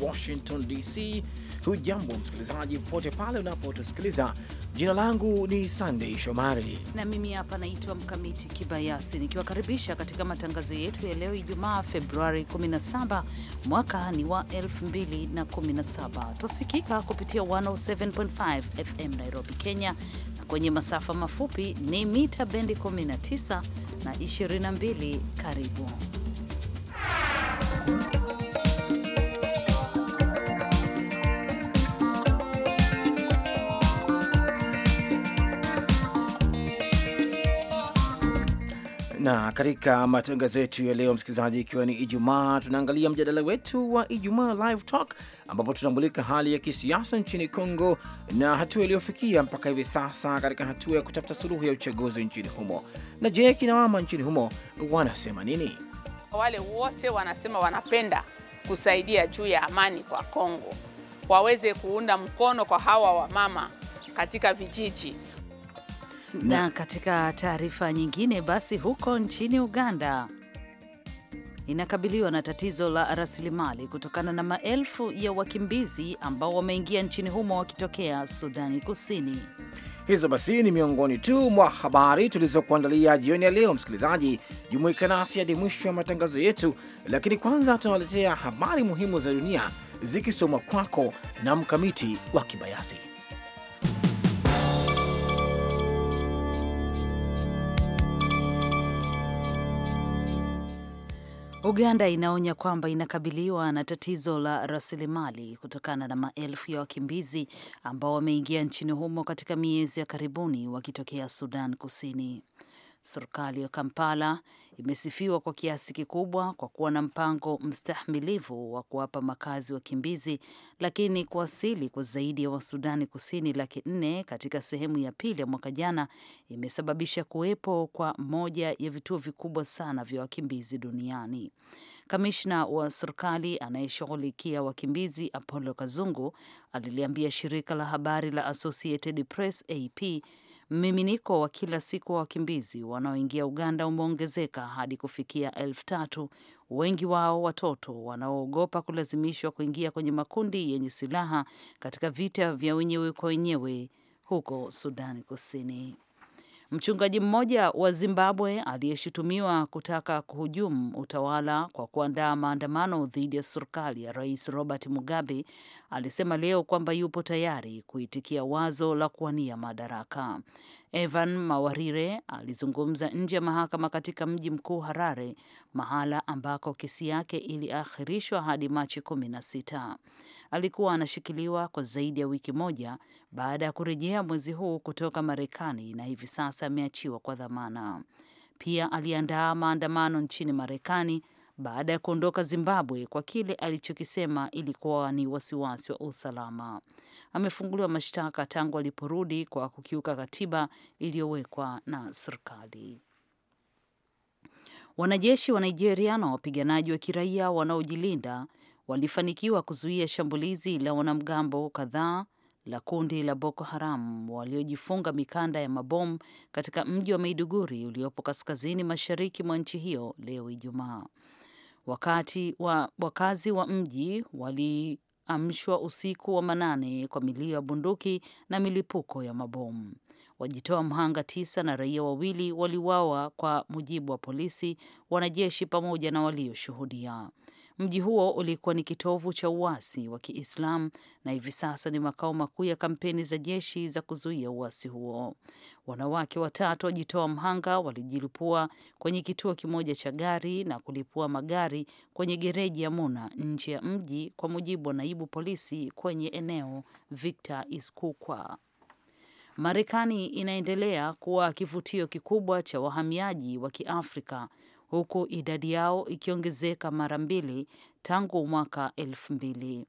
Washington DC. Hujambo msikilizaji, popote pale unapotusikiliza. Jina langu ni Sandey Shomari na mimi hapa naitwa Mkamiti Kibayasi, nikiwakaribisha katika matangazo yetu ya leo Ijumaa, Februari 17 mwaka ni wa 2017. Tusikika kupitia 107.5 FM Nairobi, Kenya na kwenye masafa mafupi ni mita bendi 19 na 22. Karibu na katika matangazo yetu ya leo, msikilizaji, ikiwa ni Ijumaa, tunaangalia mjadala wetu wa Ijumaa Live Talk ambapo tunamulika hali ya kisiasa nchini congo na hatua iliyofikia mpaka hivi sasa katika hatua ya kutafuta suluhu ya uchaguzi nchini humo. Na je, mama nchini humo wanasema nini? Wale wote wanasema wanapenda kusaidia juu ya amani kwa congo waweze kuunda mkono kwa hawa wamama katika vijiji na katika taarifa nyingine, basi huko nchini Uganda inakabiliwa na tatizo la rasilimali kutokana na maelfu ya wakimbizi ambao wameingia nchini humo wakitokea Sudani Kusini. Hizo basi ni miongoni tu mwa habari tulizokuandalia jioni ya leo. Msikilizaji, jumuika nasi hadi mwisho wa matangazo yetu, lakini kwanza tunawaletea habari muhimu za dunia zikisomwa kwako na Mkamiti wa Kibayasi. Uganda inaonya kwamba inakabiliwa na tatizo la rasilimali kutokana na maelfu ya wakimbizi ambao wameingia nchini humo katika miezi ya karibuni wakitokea Sudan Kusini. Serikali ya Kampala imesifiwa kwa kiasi kikubwa kwa kuwa na mpango mstahmilivu wa kuwapa makazi wakimbizi, lakini kuwasili kwa zaidi ya Wasudani Kusini laki nne katika sehemu ya pili ya mwaka jana imesababisha kuwepo kwa moja ya vituo vikubwa sana vya wakimbizi duniani. Kamishna wa serikali anayeshughulikia wakimbizi Apollo Kazungu aliliambia shirika la habari la Associated Press AP Mmiminiko wa kila siku wa wakimbizi wanaoingia Uganda umeongezeka hadi kufikia elfu tatu, wengi wao watoto wanaoogopa kulazimishwa kuingia kwenye makundi yenye silaha katika vita vya wenyewe kwa wenyewe huko Sudani Kusini. Mchungaji mmoja wa Zimbabwe aliyeshutumiwa kutaka kuhujumu utawala kwa kuandaa maandamano dhidi ya serikali ya Rais Robert Mugabe alisema leo kwamba yupo tayari kuitikia wazo la kuwania madaraka. Evan Mawarire alizungumza nje ya mahakama katika mji mkuu Harare, mahala ambako kesi yake iliakhirishwa hadi Machi kumi na sita alikuwa anashikiliwa kwa zaidi ya wiki moja baada ya kurejea mwezi huu kutoka Marekani na hivi sasa ameachiwa kwa dhamana. Pia aliandaa maandamano nchini Marekani baada ya kuondoka Zimbabwe kwa kile alichokisema ilikuwa ni wasiwasi wa usalama. Amefunguliwa mashtaka tangu aliporudi kwa kukiuka katiba iliyowekwa na serikali. Wanajeshi wa Nigeria na wapiganaji wa kiraia wanaojilinda walifanikiwa kuzuia shambulizi la wanamgambo kadhaa la kundi la Boko Haram waliojifunga mikanda ya mabomu katika mji wa Maiduguri uliopo kaskazini mashariki mwa nchi hiyo leo Ijumaa. Wakati wa wakazi wa mji waliamshwa usiku wa manane kwa milio ya bunduki na milipuko ya mabomu. Wajitoa mhanga tisa na raia wawili waliuawa, kwa mujibu wa polisi, wanajeshi pamoja na walioshuhudia. Mji huo ulikuwa ni kitovu cha uasi wa Kiislamu na hivi sasa ni makao makuu ya kampeni za jeshi za kuzuia uasi huo. Wanawake watatu wajitoa mhanga walijilipua kwenye kituo kimoja cha gari na kulipua magari kwenye gereji ya Muna nje ya mji, kwa mujibu wa naibu polisi kwenye eneo Victor Iskukwa. Marekani inaendelea kuwa kivutio kikubwa cha wahamiaji wa Kiafrika huku idadi yao ikiongezeka mara mbili tangu mwaka elfu mbili.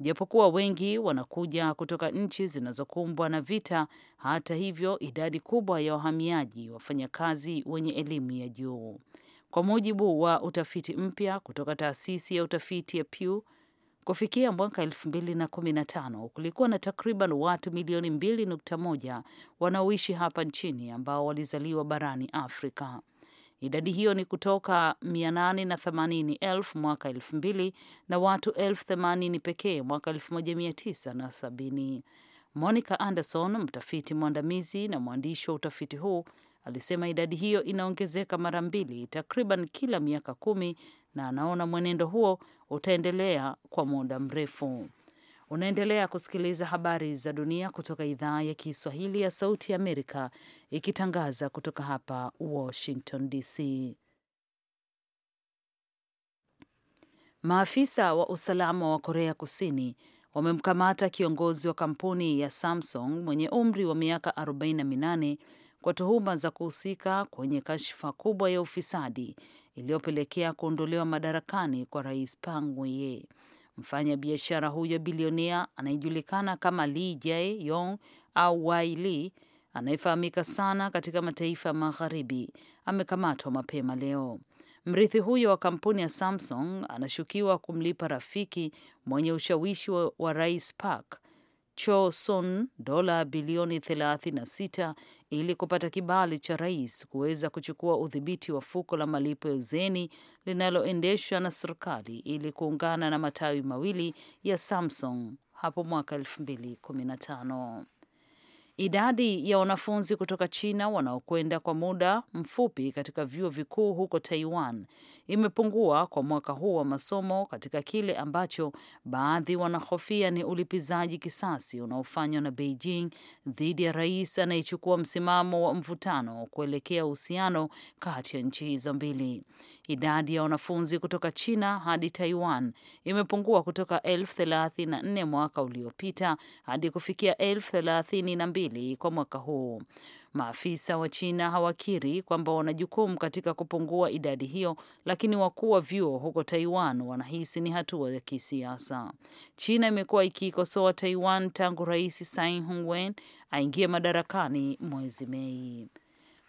Japokuwa wengi wanakuja kutoka nchi zinazokumbwa na vita, hata hivyo, idadi kubwa ya wahamiaji wafanyakazi wenye elimu ya juu. Kwa mujibu wa utafiti mpya kutoka taasisi ya utafiti ya Pew, kufikia mwaka 2015 kulikuwa na takriban watu milioni 2.1 wanaoishi hapa nchini ambao walizaliwa barani Afrika. Idadi hiyo ni kutoka 880,000 mwaka 2000 na watu 80,000 pekee mwaka 1970. Monica Anderson, mtafiti mwandamizi na mwandishi wa utafiti huu, alisema idadi hiyo inaongezeka mara mbili takriban kila miaka kumi na anaona mwenendo huo utaendelea kwa muda mrefu. Unaendelea kusikiliza habari za dunia kutoka idhaa ya Kiswahili ya Sauti ya Amerika ikitangaza kutoka hapa Washington DC. Maafisa wa usalama wa Korea Kusini wamemkamata kiongozi wa kampuni ya Samsung mwenye umri wa miaka 48 kwa tuhuma za kuhusika kwenye kashfa kubwa ya ufisadi iliyopelekea kuondolewa madarakani kwa Rais Park Geun-hye mfanya biashara huyo bilionea anayejulikana kama Lee Jae Yong au Wai Lee anayefahamika sana katika mataifa ya magharibi amekamatwa mapema leo. Mrithi huyo wa kampuni ya Samsung anashukiwa kumlipa rafiki mwenye ushawishi wa, wa rais Park Cho Son dola bilioni ili kupata kibali cha rais kuweza kuchukua udhibiti wa fuko la malipo ya uzeni linaloendeshwa na serikali ili kuungana na matawi mawili ya Samsung hapo mwaka l215 Idadi ya wanafunzi kutoka China wanaokwenda kwa muda mfupi katika vyuo vikuu huko Taiwan imepungua kwa mwaka huu wa masomo katika kile ambacho baadhi wanahofia ni ulipizaji kisasi unaofanywa na Beijing dhidi ya rais anayechukua msimamo wa mvutano kuelekea uhusiano kati ya nchi hizo mbili. Idadi ya wanafunzi kutoka China hadi Taiwan imepungua kutoka elfu thelathini na nne mwaka uliopita hadi kufikia elfu thelathini na mbili kwa mwaka huu. Maafisa wa China hawakiri kwamba wana jukumu katika kupungua idadi hiyo, lakini wakuu wa vyuo huko Taiwan wanahisi ni hatua ya kisiasa. China imekuwa ikiikosoa Taiwan tangu Rais Tsai Ing-wen aingie madarakani mwezi Mei.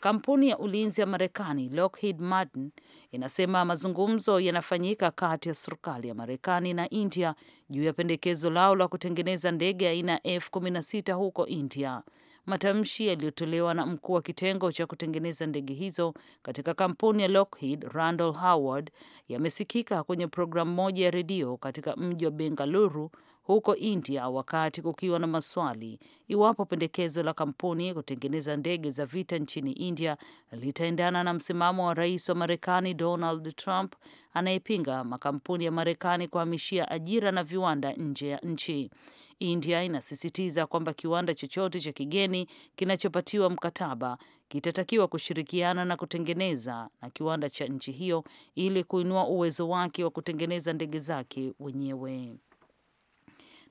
Kampuni ya ulinzi ya Marekani Lockheed Martin inasema mazungumzo yanafanyika kati ya serikali ya Marekani na India juu ya pendekezo lao la kutengeneza ndege aina ya F-16 huko India. Matamshi yaliyotolewa na mkuu wa kitengo cha kutengeneza ndege hizo katika kampuni ya Lockheed Randall Howard yamesikika kwenye programu moja ya redio katika mji wa Bengaluru huko India wakati kukiwa na maswali iwapo pendekezo la kampuni kutengeneza ndege za vita nchini India litaendana na msimamo wa rais wa Marekani Donald Trump anayepinga makampuni ya Marekani kuhamishia ajira na viwanda nje ya nchi. India inasisitiza kwamba kiwanda chochote cha kigeni kinachopatiwa mkataba kitatakiwa kushirikiana na kutengeneza na kiwanda cha nchi hiyo ili kuinua uwezo wake wa kutengeneza ndege zake wenyewe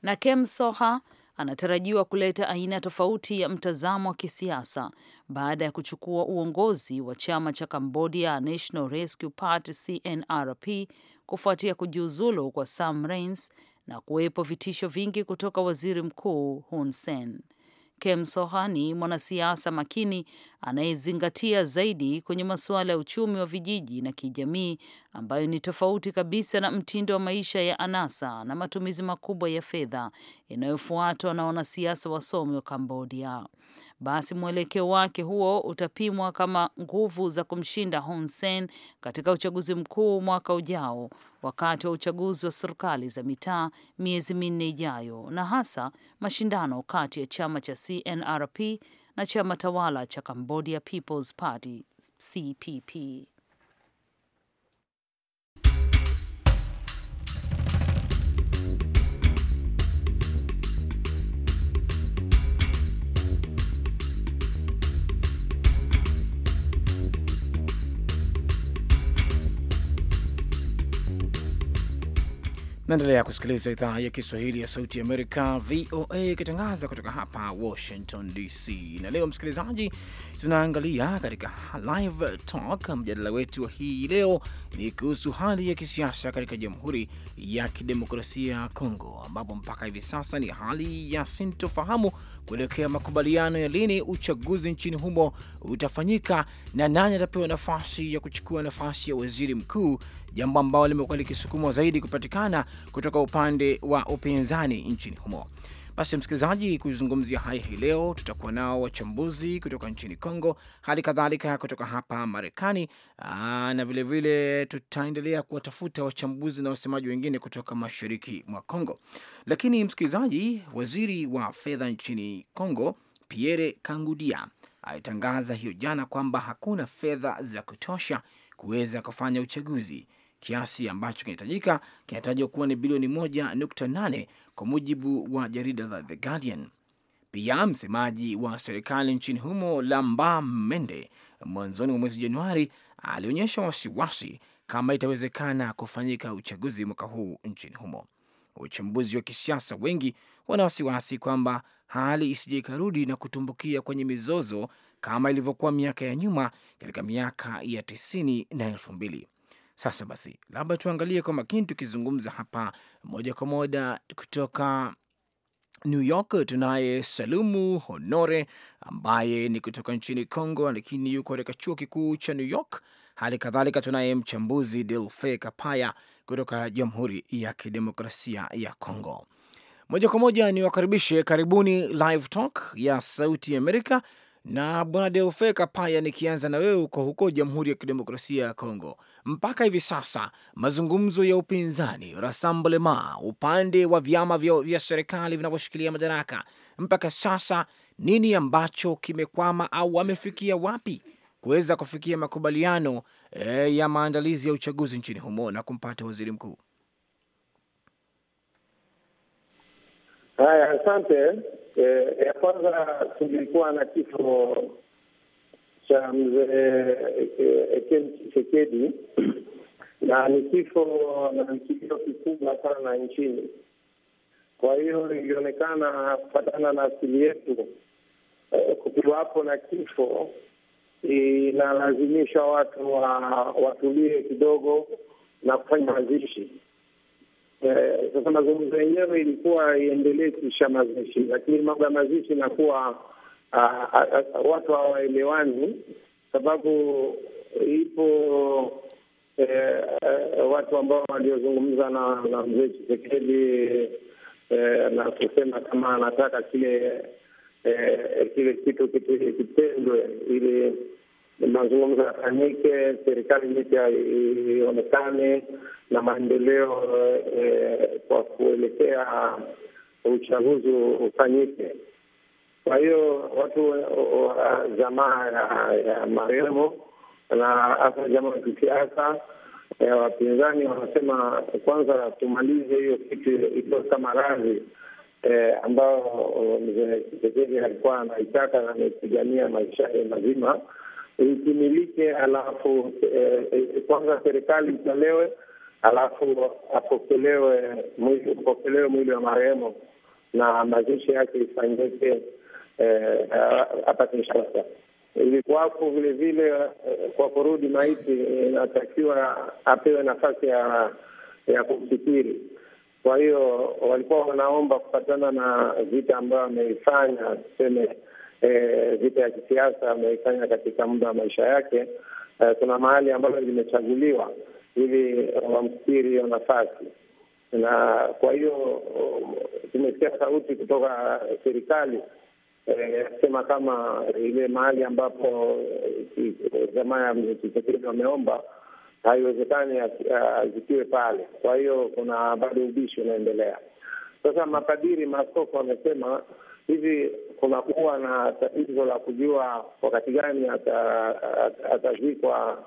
na Kem Soha anatarajiwa kuleta aina tofauti ya mtazamo wa kisiasa baada ya kuchukua uongozi wa chama cha Cambodia National Rescue Party CNRP kufuatia kujiuzulu kwa Sam Rains na kuwepo vitisho vingi kutoka waziri mkuu Hun Sen. Kemsoha ni mwanasiasa makini anayezingatia zaidi kwenye masuala ya uchumi wa vijiji na kijamii, ambayo ni tofauti kabisa na mtindo wa maisha ya anasa na matumizi makubwa ya fedha inayofuatwa na wanasiasa wasomi wa Kambodia. Basi mwelekeo wake huo utapimwa kama nguvu za kumshinda Hun Sen katika uchaguzi mkuu mwaka ujao, wakati wa uchaguzi wa serikali za mitaa miezi minne ijayo, na hasa mashindano kati ya chama cha CNRP na chama tawala cha Cambodia People's Party CPP. Naendelea kusikiliza idhaa ya Kiswahili ya Sauti ya Amerika, VOA, ikitangaza kutoka hapa Washington DC. Na leo msikilizaji, tunaangalia katika Live Talk, mjadala wetu wa hii leo ni kuhusu hali ya kisiasa katika Jamhuri ya Kidemokrasia ya Kongo, ambapo mpaka hivi sasa ni hali ya sintofahamu kuelekea makubaliano ya lini uchaguzi nchini humo utafanyika na nani atapewa nafasi ya kuchukua nafasi ya waziri mkuu, jambo ambalo limekuwa likisukumwa zaidi kupatikana kutoka upande wa upinzani nchini humo. Basi msikilizaji, kuzungumzia haya hii leo tutakuwa nao wachambuzi kutoka nchini congo hali kadhalika kutoka hapa Marekani, na vilevile tutaendelea kuwatafuta wachambuzi na wasemaji wengine kutoka mashariki mwa congo Lakini msikilizaji, waziri wa fedha nchini congo Pierre Kangudia alitangaza hiyo jana kwamba hakuna fedha za kutosha kuweza kufanya uchaguzi. Kiasi ambacho kinahitajika kinatajwa kuwa ni bilioni moja nukta nane kwa mujibu wa jarida la The Guardian. Pia msemaji wa serikali nchini humo Lamba Mende mwanzoni mwa mwezi Januari alionyesha wasiwasi kama itawezekana kufanyika uchaguzi mwaka huu nchini humo. Wachambuzi wa kisiasa wengi wana wasiwasi kwamba hali isije ikarudi na kutumbukia kwenye mizozo kama ilivyokuwa miaka ya nyuma katika miaka ya tisini na elfu mbili. Sasa basi, labda tuangalie kwa makini, tukizungumza hapa moja kwa moja kutoka New York tunaye Salumu Honore ambaye ni kutoka nchini Congo, lakini yuko katika chuo kikuu cha New York. Hali kadhalika tunaye mchambuzi Delfe Kapaya kutoka Jamhuri ya Kidemokrasia ya Congo. Moja kwa moja ni wakaribishe, karibuni Live Talk ya Sauti Amerika, na bwana Delfe Kapaya, nikianza na wewe uko huko Jamhuri ya Kidemokrasia ya Kongo, mpaka hivi sasa mazungumzo ya upinzani Rassemblement, upande wa vyama vya, vya serikali vinavyoshikilia madaraka, mpaka sasa nini ambacho kimekwama au wamefikia wapi kuweza kufikia makubaliano e, ya maandalizi ya uchaguzi nchini humo na kumpata waziri mkuu? Haya, asante. E, ya kwanza tulikuwa na kifo cha mzee Ekem Chisekedi na ni kifo na kilio kikubwa sana nchini. Kwa hiyo ilionekana kufatana na asili yetu e, kukiwapo na kifo inalazimisha watu wa, watulie kidogo na kufanya mazishi Eh, sasa mazungumzo yenyewe ilikuwa iendelee kisha mazishi, lakini mambo ya mazishi inakuwa watu hawaelewani, sababu ipo eh, eh, watu ambao waliozungumza na na mzee Chisekedi na kusema kama anataka kile kile kitu kitendwe ili mazungumzo yafanyike, serikali mpya ionekane na maendeleo e, kwa kuelekea uchaguzi ufanyike. Kwa hiyo watu wa jamaa ya, ya marehemu na hasa jama ya kisiasa ya eh, wapinzani wanasema kwanza tumalize hiyo kitu iliyo kama radhi e, eh, ambayo mzee Kisekedi alikuwa anaitaka na amepigania maisha mazima itimilike, alafu eh, eh, kwanza serikali itolewe, alafu apokelewe mwili wa marehemu na mazishi yake ifanyike hapa eh, Kinshasa. Ilikuwapo vile vile, kwa kurudi maiti inatakiwa apewe nafasi ya ya kufikiri. Kwa hiyo walikuwa wanaomba kupatana na vita ambayo ameifanya tuseme Eh, vita ya kisiasa ameifanya katika muda wa maisha yake. Eh, kuna mahali ambayo limechaguliwa ili wamstiri hiyo nafasi, na kwa hiyo tumesikia sauti kutoka serikali eh, akisema e, kama ile mahali ambapo jamaa ya Tshisekedi wameomba haiwezekani azikiwe pale. Kwa hiyo kuna bado ubishi unaendelea. Sasa makadiri, maaskofu wamesema hivi kunakuwa na tatizo la kujua wakati gani atazikwa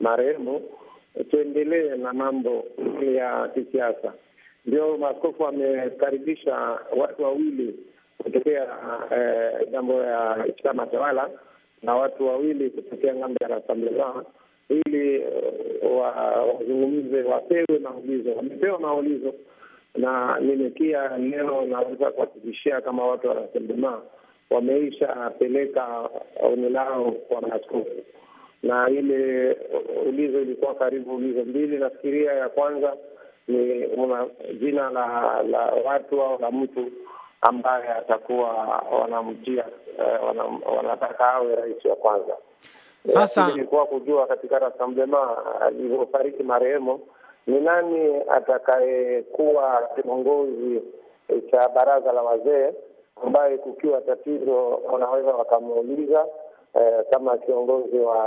marehemu, tuendelee na mambo ya kisiasa. Ndio maaskofu wamekaribisha watu wawili kutokea eh, jambo eh, ya chama tawala na watu wawili kutokea ng'ambo ya Rassemblement ili eh, wazungumze, wapewe maulizo. Wamepewa maulizo na nimekia leo, naweza kuhakikishia kama watu wa Rassemblement wameisha peleka ono lao kwa maaskofu, na ile ulizo ilikuwa karibu ulizo mbili. Nafikiria ya kwanza ni una jina la la watu au la mtu ambaye atakuwa wanamtia eh, wanataka awe rais wa kwanza. Sasa eh, ilikuwa kujua katika rasamblema alivyofariki marehemu ni nani atakayekuwa kiongozi cha baraza la wazee ambaye kukiwa tatizo wanaweza wakamuuliza eh, kama kiongozi wa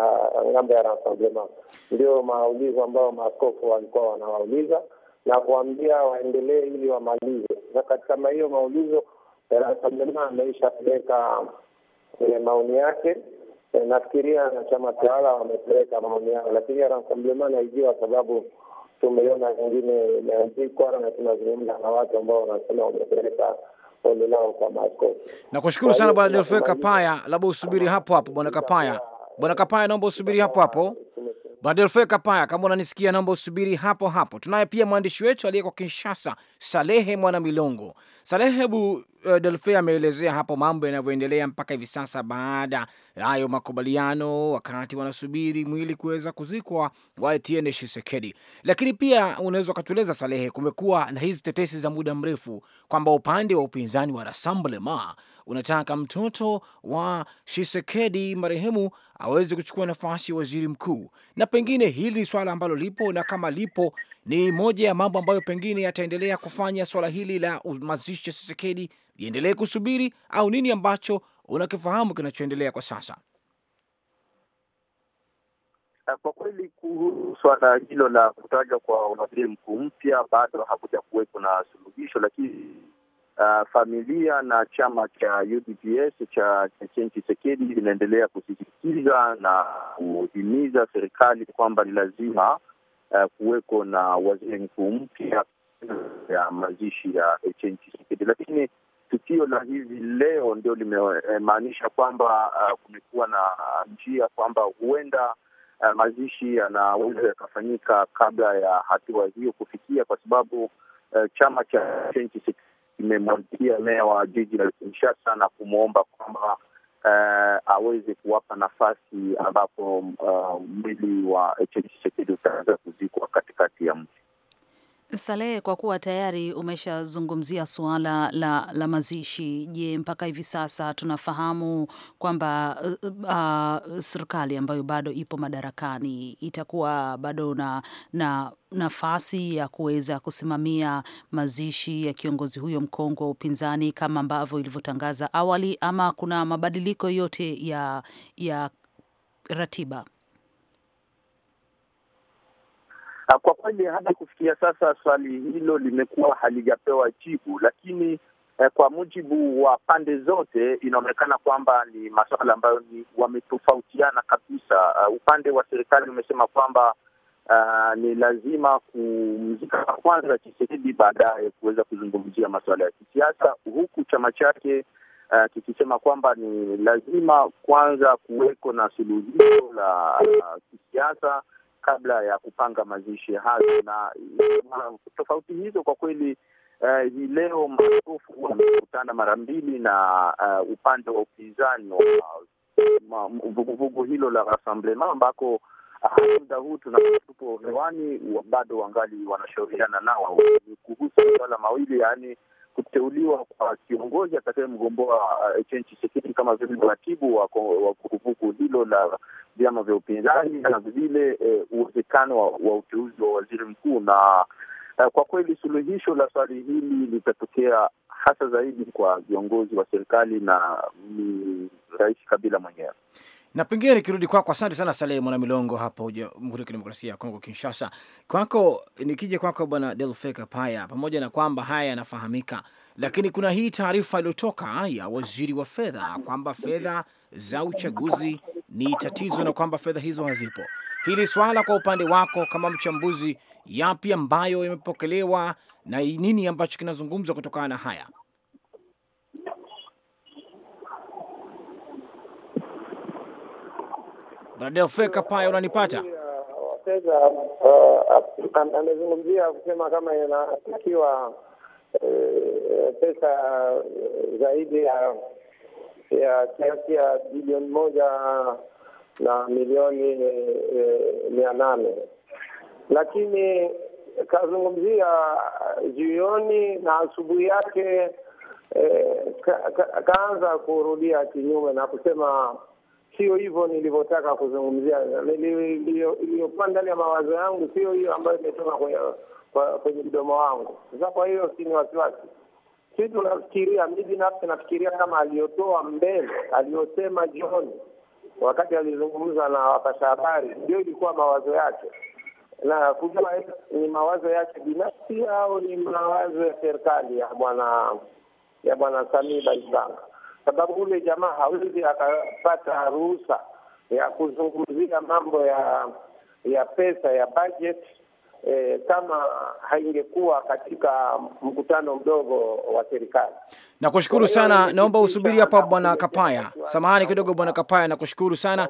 ng'ambo ya Rassemblement. Ndio maulizo ambayo maaskofu walikuwa wanawauliza na kuambia waendelee ili wamalize. Na katika hiyo maulizo eh, Rassemblement ameishapeleka eh, maoni yake. Eh, nafikiria na chama tawala wamepeleka maoni yao, lakini Rassemblement naijiwa sababu tumeona nyingine imeandikwa na tunazungumza na watu ambao wanasema wamepeleka ole lao kwa maaskofu. Nakushukuru sana Bwana Delfe Kapaya, labda usubiri hapo hapo. Bwana Kapaya, Bwana Kapaya, naomba usubiri hapo hapo. Bwana Delfe Kapaya, kama unanisikia, naomba usubiri hapo hapo. Tunaye pia mwandishi wetu aliye kwa Kinshasa, Salehe Mwana Milongo. Salehe, hebu uh, eh, Delfe ameelezea hapo mambo yanavyoendelea mpaka hivi sasa baada hayo makubaliano wakati wanasubiri mwili kuweza kuzikwa wa Etienne Tshisekedi. Lakini pia unaweza ukatueleza Salehe, kumekuwa na hizi tetesi za muda mrefu kwamba upande wa upinzani wa Rassemblement unataka mtoto wa Tshisekedi marehemu aweze kuchukua nafasi ya waziri mkuu, na pengine hili ni swala ambalo lipo na kama lipo, ni moja ya mambo ambayo pengine yataendelea kufanya swala hili la mazishi ya Tshisekedi liendelee kusubiri au nini ambacho unakifahamu kinachoendelea kwa sasa? Kwa kweli kuhusu swala hilo la kutajwa kwa waziri mkuu mpya bado hakuja kuwepo na suluhisho, lakini uh, familia na chama cha UDPS cha Chen Chisekedi vinaendelea kusisitiza na kuhimiza serikali kwamba ni lazima uh, kuweko na waziri mkuu mpya ya mazishi ya Chen Chisekedi lakini tukio la hivi leo ndio limemaanisha kwamba uh, kumekuwa na njia kwamba huenda uh, mazishi yanaweza yakafanyika kabla ya hatua hiyo kufikia, kwa sababu uh, chama cha kimemwandikia meya wa jiji la Kinshasa na kumwomba kwamba uh, aweze kuwapa nafasi ambapo uh, mwili wa Tshisekedi utaweza kuzikwa katikati ya mji. Salehe, kwa kuwa tayari umeshazungumzia suala la, la mazishi, je, mpaka hivi sasa tunafahamu kwamba uh, uh, serikali ambayo bado ipo madarakani itakuwa bado na, na nafasi ya kuweza kusimamia mazishi ya kiongozi huyo mkongwe wa upinzani kama ambavyo ilivyotangaza awali, ama kuna mabadiliko yote ya, ya ratiba? Ah, kwa kweli hadi kufikia sasa swali hilo limekuwa halijapewa jibu, lakini eh, kwa mujibu wa pande zote inaonekana kwamba ni masuala ambayo ni wametofautiana kabisa. Uh, upande wa serikali umesema kwamba Uh, ni lazima kumzika kwanza Tshisekedi, baadaye kuweza kuzungumzia masuala ya kisiasa, huku chama chake uh, kikisema kwamba ni lazima kwanza kuweko na suluhisho la uh, kisiasa kabla ya kupanga mazishi hayo, na tofauti hizo kwa kweli Uh, hii leo maaskofu wamekutana mara mbili na uh, upande wa upinzani wa vuguvugu hilo la Rassemblement ambako eh, muda uh, huu tunapo hewani bado wangali wanashauriana nao kuhusu masuala mawili, yaani kuteuliwa kwa kiongozi atakayemgomboa uh, Etienne Tshisekedi kama vile mratibu wa vuguvugu hilo la vyama vya upinzani na vile uh, uwezekano wa uteuzi wa waziri mkuu na uh, kwa kweli suluhisho la swali hili litatokea hasa zaidi kwa viongozi wa serikali na ni Rais Kabila mwenyewe na pengine nikirudi kwako, asante sana Salehe Mwana Milongo hapo Jamhuri ya Kidemokrasia ya Kongo, Kinshasa. Kwako nikija kwako Bwana Delfeka Paya, pamoja na kwamba haya yanafahamika, lakini kuna hii taarifa iliyotoka ya waziri wa fedha kwamba fedha za uchaguzi ni tatizo na kwamba fedha hizo hazipo. Hili swala kwa upande wako kama mchambuzi, yapi ambayo yamepokelewa na nini ambacho kinazungumzwa kutokana na haya? Bradel Feka Paya, unanipata? Uh, Wateja uh, amezungumzia kusema kama inatakiwa eh, pesa uh, zaidi ya ya kiasi ya bilioni moja na milioni eh, mia nane lakini kazungumzia jioni na asubuhi yake eh, kaanza kurudia kinyume na kusema sio hivyo nilivyotaka kuzungumzia. Iliyokuwa ndani ya mawazo yangu sio hiyo ambayo imetoka kwenye kwenye mdomo wangu. Sasa kwa hiyo si ni wasiwasi si tunafikiria, mi binafsi nafikiria kama aliyotoa mbele, aliyosema jioni wakati alizungumza na wapasha habari, ndio ilikuwa mawazo yake, na kujua ni mawazo yake binafsi au ni mawazo ya serikali ya bwana ya bwana Samii Baibanga sababu ule jamaa hawezi akapata ruhusa ya kuzungumzia mambo ya ya pesa ya budget E, kama haingekuwa katika mkutano mdogo wa serikali. Nakushukuru sana, naomba usubiri hapa bwana Kapaya. Samahani kidogo bwana Kapaya, nakushukuru sana.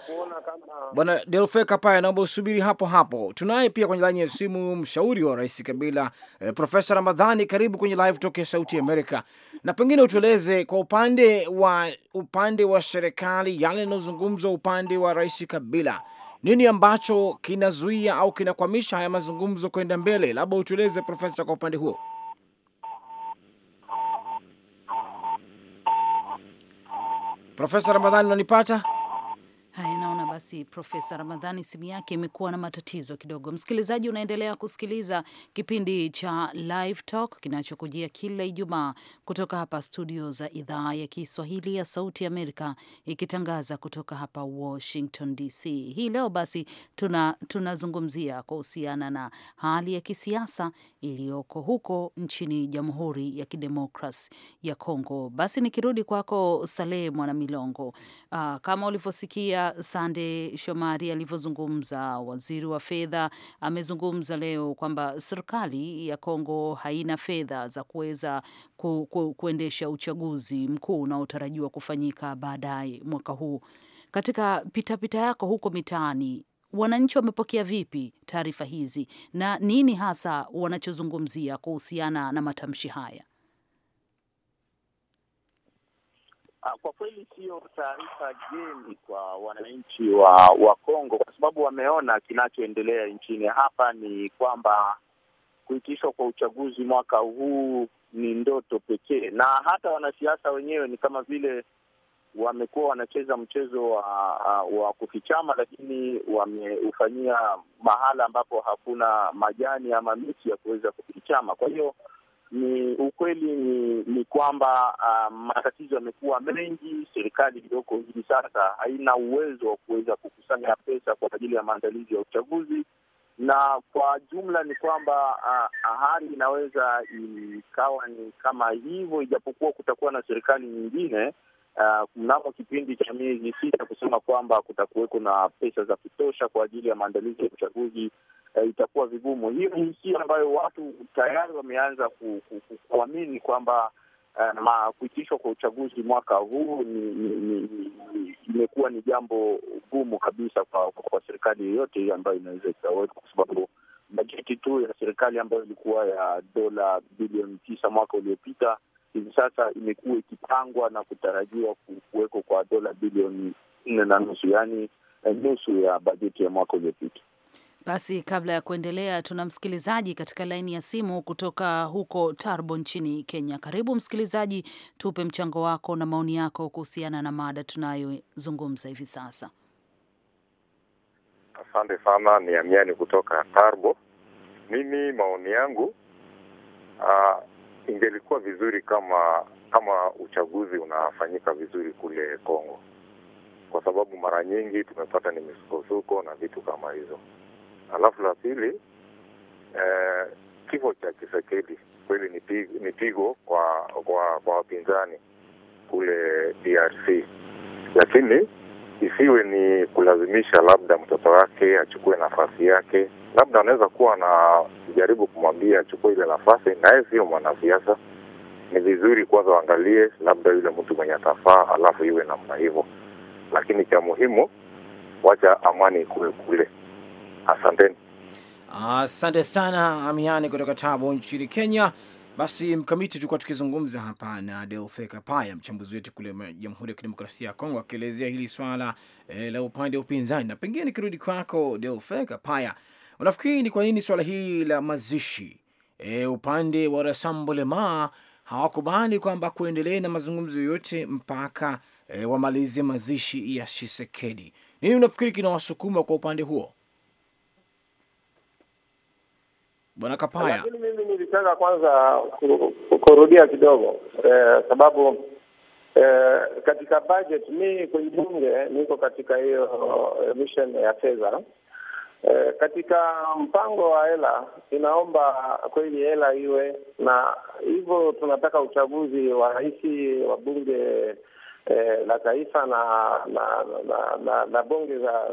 Bwana Delfe Kapaya, naomba usubiri hapo hapo. Tunaye pia kwenye laini ya simu mshauri wa rais Kabila, eh, Profesa Ramadhani, karibu kwenye live toke Sauti ya Amerika, na pengine utueleze kwa upande wa upande wa serikali yale yanayozungumzwa upande wa rais Kabila, nini ambacho kinazuia au kinakwamisha haya mazungumzo kwenda mbele? Labda utueleze Profesa kwa upande huo. Profesa Ramadhani, unanipata? basi Profesa Ramadhani simu yake imekuwa na matatizo kidogo. Msikilizaji, unaendelea kusikiliza kipindi cha Live Talk kinachokujia kila Ijumaa kutoka hapa studio za idhaa ya Kiswahili ya Sauti Amerika, ikitangaza kutoka hapa Washington DC. Hii leo basi tunazungumzia tuna kuhusiana na hali ya kisiasa iliyoko huko nchini Jamhuri ya Kidemokrasi ya Kongo. Basi nikirudi kwako Salehe Mwanamilongo, uh, kama ulivyosikia Sande Shomari alivyozungumza, waziri wa fedha amezungumza leo kwamba serikali ya Kongo haina fedha za kuweza ku, ku, kuendesha uchaguzi mkuu unaotarajiwa kufanyika baadaye mwaka huu. Katika pitapita pita yako huko mitaani, wananchi wamepokea vipi taarifa hizi na nini hasa wanachozungumzia kuhusiana na matamshi haya? Ah, kwa kweli sio taarifa geni kwa wananchi wa wa Kongo, kwa sababu wameona kinachoendelea nchini hapa ni kwamba kuitishwa kwa uchaguzi mwaka huu ni ndoto pekee, na hata wanasiasa wenyewe ni kama vile wamekuwa wanacheza mchezo wa, wa kufichama, lakini wameufanyia mahala ambapo hakuna majani ama miti ya kuweza kufichama. Kwa hiyo ni ukweli ni, ni kwamba uh, matatizo yamekuwa mengi. Serikali iliyoko hivi sasa haina uwezo wa kuweza kukusanya pesa kwa ajili ya maandalizi ya uchaguzi, na kwa jumla ni kwamba uh, hali inaweza ikawa ni kama hivyo, ijapokuwa kutakuwa na serikali nyingine uh, mnamo kipindi cha miezi sita kusema kwamba kutakuweko na pesa za kutosha kwa ajili ya maandalizi ya uchaguzi uh, itakuwa vigumu. Hiyo ni hisia ambayo watu tayari wameanza kuamini kwamba uh, kuitishwa kwa uchaguzi mwaka huu imekuwa ni jambo gumu kabisa kwa, kwa serikali yoyote ambayo inaweza ikaweka kwa sababu bajeti tu ya serikali ambayo ilikuwa ya dola bilioni tisa mwaka uliopita hivi sasa imekuwa ikipangwa na kutarajiwa kuwekwa kwa dola bilioni nne na nusu yaani eh, nusu ya bajeti ya mwaka uliopita. Basi kabla ya kuendelea, tuna msikilizaji katika laini ya simu kutoka huko Tarbo nchini Kenya. Karibu msikilizaji, tupe mchango wako na maoni yako kuhusiana na mada tunayozungumza hivi sasa. Asante sana, ni Amiani kutoka Tarbo. Mimi maoni yangu aa, ah, ingelikuwa vizuri kama kama uchaguzi unafanyika vizuri kule Kongo, kwa sababu mara nyingi tumepata ni misukosuko na vitu kama hizo. Alafu la pili, eh, kifo cha Tshisekedi kweli ni pigo, kwa kwa wapinzani kule DRC, lakini isiwe ni kulazimisha labda mtoto wake achukue nafasi yake. Labda anaweza kuwa na jaribu kumwambia achukue ile nafasi, na yeye sio mwanasiasa. Ni vizuri kwanza waangalie labda yule mtu mwenye atafaa, alafu iwe namna hivyo, lakini cha muhimu, wacha amani ikuwe kule. Asanteni, asante sana Amiani kutoka Tabo nchini Kenya. Basi mkamiti, tulikuwa tukizungumza hapa na Delfe Kapaya, mchambuzi wetu kule Jamhuri ya Kidemokrasia ya Kongo, akielezea hili swala e, la upande wa upinzani. Na pengine nikirudi kwako Delfe Kapaya, unafikiri ni kwa nini swala hili la mazishi e, upande wa Rassemblement hawakubali kwamba kuendelee na mazungumzo yoyote mpaka e, wamalize mazishi ya Shisekedi? Nini unafikiri kinawasukuma kwa upande huo, Bwana Kapaya? nilitaka kwanza kurudia kidogo eh, sababu eh, katika budget mi kwenye bunge niko katika hiyo eh, mission ya fedha eh, katika mpango wa hela inaomba kweli hela iwe na hivyo, tunataka uchaguzi wa rais wa bunge eh, la taifa na na, na, na, na bunge za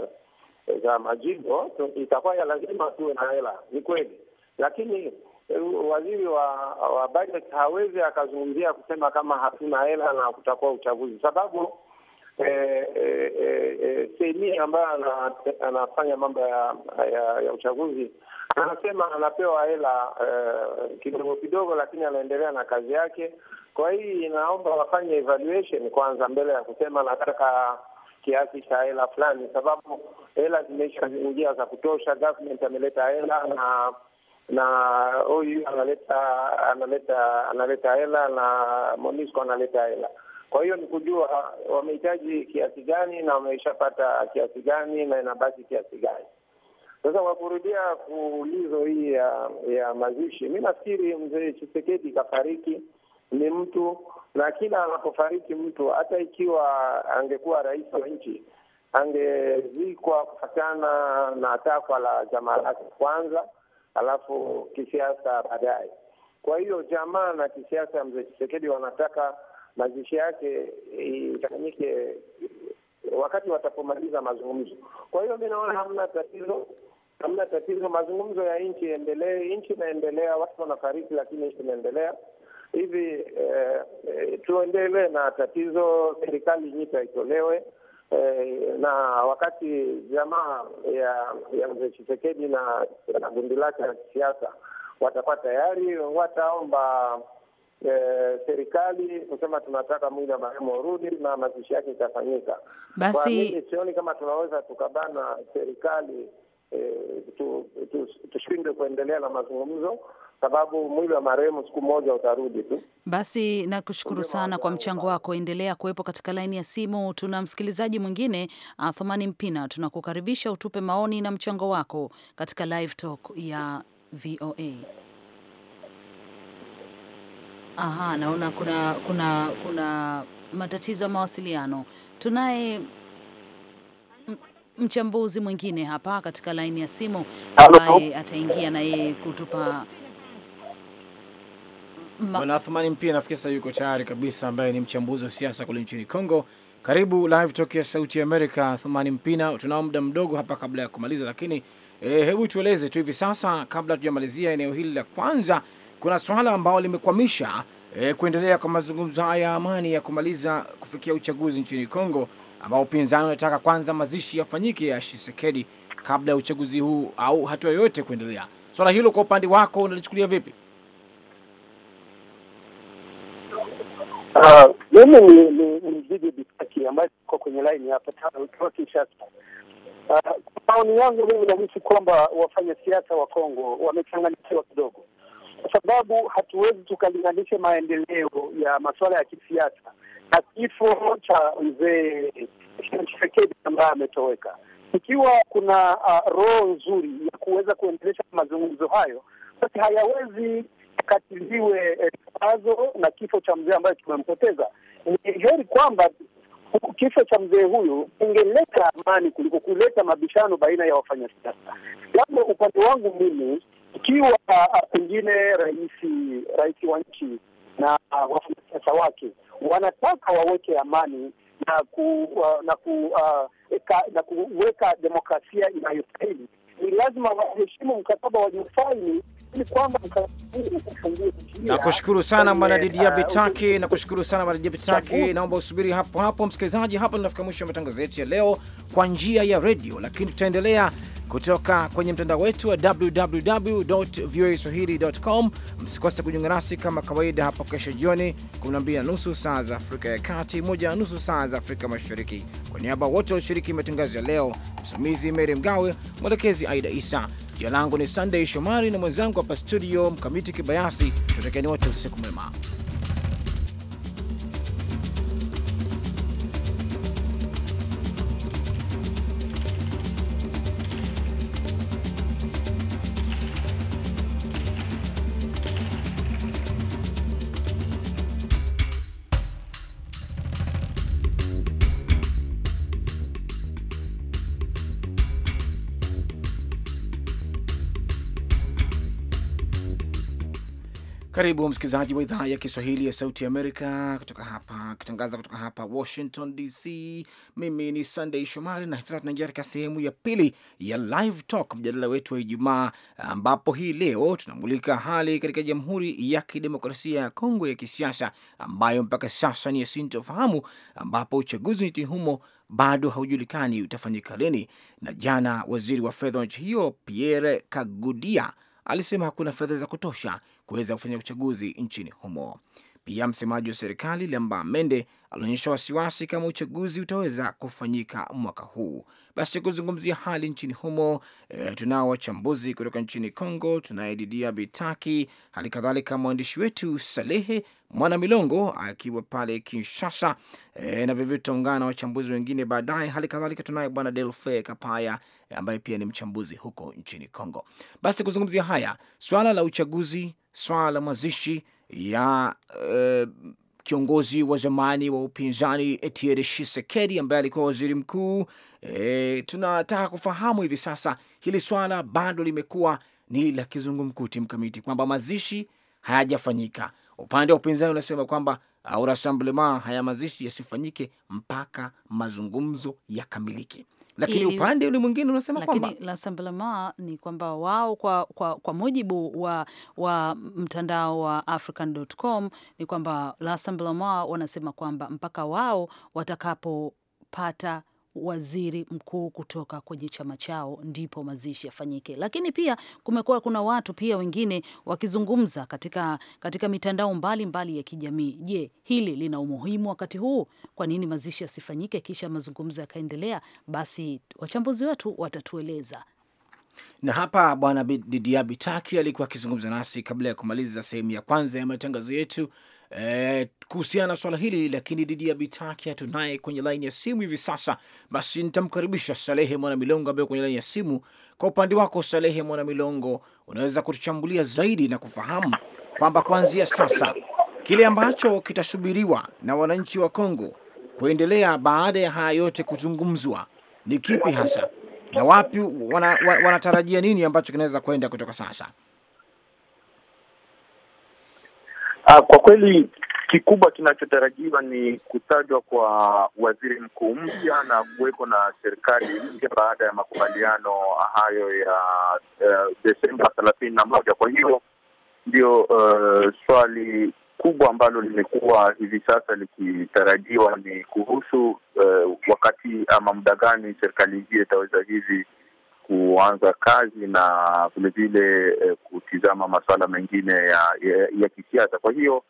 za majimbo itakuwa ya lazima tuwe na hela, ni kweli, lakini Eh, waziri wa budget hawezi akazungumzia kusema kama hatuna hela na kutakuwa uchaguzi, sababu eh, e, eh, e, eh, Semia ambayo anafanya mambo ya, ya, ya uchaguzi anasema anapewa hela e, kidogo kidogo, lakini anaendelea na kazi yake. Kwa hii inaomba wafanye evaluation kwanza mbele ya kusema nataka kiasi cha hela fulani, sababu hela zimeshaingia za kutosha. Government ameleta hela na na huyu analeta analeta analeta hela na Monisco analeta hela. Kwa hiyo ni kujua wamehitaji kiasi gani na wameishapata kiasi gani na inabaki kiasi gani. Sasa kwa kurudia kuulizo hii ya ya mazishi, mi nafikiri mzee Chisekedi kafariki ni mtu, na kila anapofariki mtu, hata ikiwa angekuwa rais wa nchi angezikwa kufatana na takwa la jamaa lake kwanza alafu kisiasa baadaye. Kwa hiyo jamaa na kisiasa, ya mzee Chisekedi wanataka mazishi yake ifanyike wakati watapomaliza mazungumzo. Kwa hiyo mi naona hamna tatizo, hamna tatizo. Mazungumzo ya nchi endelee, nchi inaendelea, watu wanafariki, lakini nchi inaendelea hivi. Eh, eh, tuendelee na tatizo, serikali nyita itolewe Eh, na wakati jamaa ya ya mzee Chisekedi na gundi lake la kisiasa watakuwa tayari, wataomba e, serikali kusema tunataka mwili wa marehemu urudi na mazishi yake itafanyika. Basi kwa mimi sioni kama tunaweza tukabana serikali e, eh, tushindwe tu, tu, kuendelea na mazungumzo sababu mwili wa marehemu siku moja utarudi tu. Basi nakushukuru sana kwa mchango wako, endelea kuwepo katika laini ya simu. Tuna msikilizaji mwingine Athumani ah, Mpina, tunakukaribisha utupe maoni na mchango wako katika live talk ya VOA. Aha, naona kuna kuna kuna matatizo ya mawasiliano. Tunaye mchambuzi mwingine hapa katika laini ya simu ambaye ataingia na yeye kutupa Mwanathmani mpia nafikiri sasa yuko tayari kabisa, ambaye ni mchambuzi wa siasa kule nchini Kongo. Karibu live talk ya Sauti ya Amerika, Thumani Mpina. Tunao muda mdogo hapa kabla ya kumaliza, lakini e, hebu tueleze tu hivi sasa, kabla tujamalizia eneo hili la kwanza, kuna swala ambalo limekwamisha e, kuendelea kwa mazungumzo haya ya amani ya kumaliza kufikia uchaguzi nchini Kongo, ambao upinzani unataka kwanza mazishi yafanyike ya Tshisekedi kabla ya uchaguzi huu au hatua yoyote kuendelea. Swala hilo kwa upande wako unalichukulia vipi? Ah, mimi ni Mzidi Bitaki ambaye tuko kwenye laini hapa tawa Kinshasa. Ah, kwa maoni yangu, mimi nahisi kwamba wafanya siasa wa Kongo wamechanganyikiwa kidogo, kwa sababu hatuwezi tukalinganisha maendeleo ya masuala ya kisiasa na kifo cha mzee Tshisekedi ambaye ametoweka. Ikiwa kuna uh, roho nzuri ya kuweza kuendelesha mazungumzo hayo, basi hayawezi akatiliwe kazo eh, na kifo cha mzee ambaye tumempoteza. Ni heri kwamba kifo cha mzee huyu kingeleta amani kuliko kuleta mabishano baina ya wafanyasiasa. Labda upande wangu mimi, ikiwa ah, pengine rais rais wa nchi na ah, wafanyasiasa wake wanataka waweke amani na ku, uh, na, ku uh, eka, na kuweka demokrasia inayostahili, ni lazima waheshimu mkataba wa Versailles Uh, nakushukuru sana Bwana Didia Bitaki, nakushukuru sana Bwana Didia Bitaki. Naomba usubiri hapo hapo, msikilizaji. Hapa tunafika mwisho wa matangazo yetu ya leo kwa njia ya redio, lakini tutaendelea kutoka kwenye mtandao wetu wa www.voaswahili.com. Msikose kujiunga nasi kama kawaida hapo kesho jioni 12 na nusu saa za Afrika ya Kati, moja na nusu saa za Afrika Mashariki. Kwa niaba wote walioshiriki matangazo ya leo, msimamizi Mary Mgawe, mwelekezi Aida Isa, jina langu ni Sunday Shomari na mwenzangu hapa studio Mkamiti Kibayasi, tutakieni wote usiku mwema. Karibu msikilizaji wa idhaa ya Kiswahili ya Sauti ya Amerika kutoka hapa kitangaza kutoka hapa Washington DC. Mimi ni Sunday Shomari na hivi sasa tunaingia katika sehemu ya pili ya Live Talk, mjadala wetu wa Ijumaa, ambapo hii leo tunamulika hali katika Jamhuri ya Kidemokrasia ya Kongo ya kisiasa ambayo mpaka sasa ni yasintofahamu, ambapo uchaguzi nchini humo bado haujulikani utafanyika lini. Na jana waziri wa fedha wa nchi hiyo Pierre Kagudia alisema hakuna fedha za kutosha kuweza kufanya uchaguzi nchini humo. Pia msemaji wa serikali lemba Mende alionyesha wasiwasi kama uchaguzi utaweza kufanyika mwaka huu, basi kuzungumzia hali nchini humo e, tunao wachambuzi kutoka nchini congo tunaye Didia Bitaki, hali kadhalika mwandishi wetu Salehe Mwana Milongo akiwa pale Kinshasa e, na vivyo tutaungana na wachambuzi wengine baadaye. Hali kadhalika tunaye bwana Delfe Kapaya e, ambaye pia ni mchambuzi huko nchini Kongo. Basi kuzungumzia haya swala la uchaguzi, swala la mazishi ya e, kiongozi wa zamani wa upinzani Etienne Tshisekedi ambaye alikuwa waziri mkuu. E, tunataka kufahamu hivi sasa hili swala bado limekuwa ni la kizungumkuti mkamiti, kwamba mazishi hayajafanyika. Upande wa upinzani unasema kwamba au rassemblement haya mazishi yasifanyike mpaka mazungumzo yakamilike lakini upande ule mwingine unasema kwamba Rassemblement ni kwamba wao kwa, kwa, kwa mujibu wa, wa mtandao wa african.com ni kwamba Rassemblement wanasema kwamba mpaka wao watakapopata waziri mkuu kutoka kwenye chama chao, ndipo mazishi yafanyike. Lakini pia kumekuwa kuna watu pia wengine wakizungumza katika, katika mitandao mbalimbali mbali ya kijamii. Je, hili lina umuhimu wakati huu? Kwa nini mazishi yasifanyike kisha mazungumzo yakaendelea? Basi wachambuzi wetu watatueleza na hapa Bwana Didia Bitaki alikuwa akizungumza nasi kabla ya kumaliza sehemu ya kwanza ya matangazo yetu, Eh, kuhusiana na swala hili. Lakini ya Bitaki hatunaye kwenye laini ya simu hivi sasa, basi nitamkaribisha Salehe Mwana Milongo ambaye kwenye laini ya simu. Kwa upande wako Salehe Mwana Milongo, unaweza kutuchambulia zaidi na kufahamu kwamba kuanzia sasa kile ambacho kitasubiriwa na wananchi wa Kongo kuendelea baada ya haya yote kuzungumzwa ni kipi hasa na wapi wanatarajia wana nini ambacho kinaweza kwenda kutoka sasa? Uh, kwa kweli kikubwa kinachotarajiwa ni kutajwa kwa waziri mkuu mpya na kuweko na serikali mpya baada ya makubaliano hayo ya uh, Desemba thelathini na moja. Kwa hiyo ndio uh, swali kubwa ambalo limekuwa hivi sasa likitarajiwa ni kuhusu uh, wakati ama muda gani serikali hii itaweza hivi kuanza kazi na vilevile eh, kutizama masuala mengine ya, ya, ya kisiasa. Kwa hiyo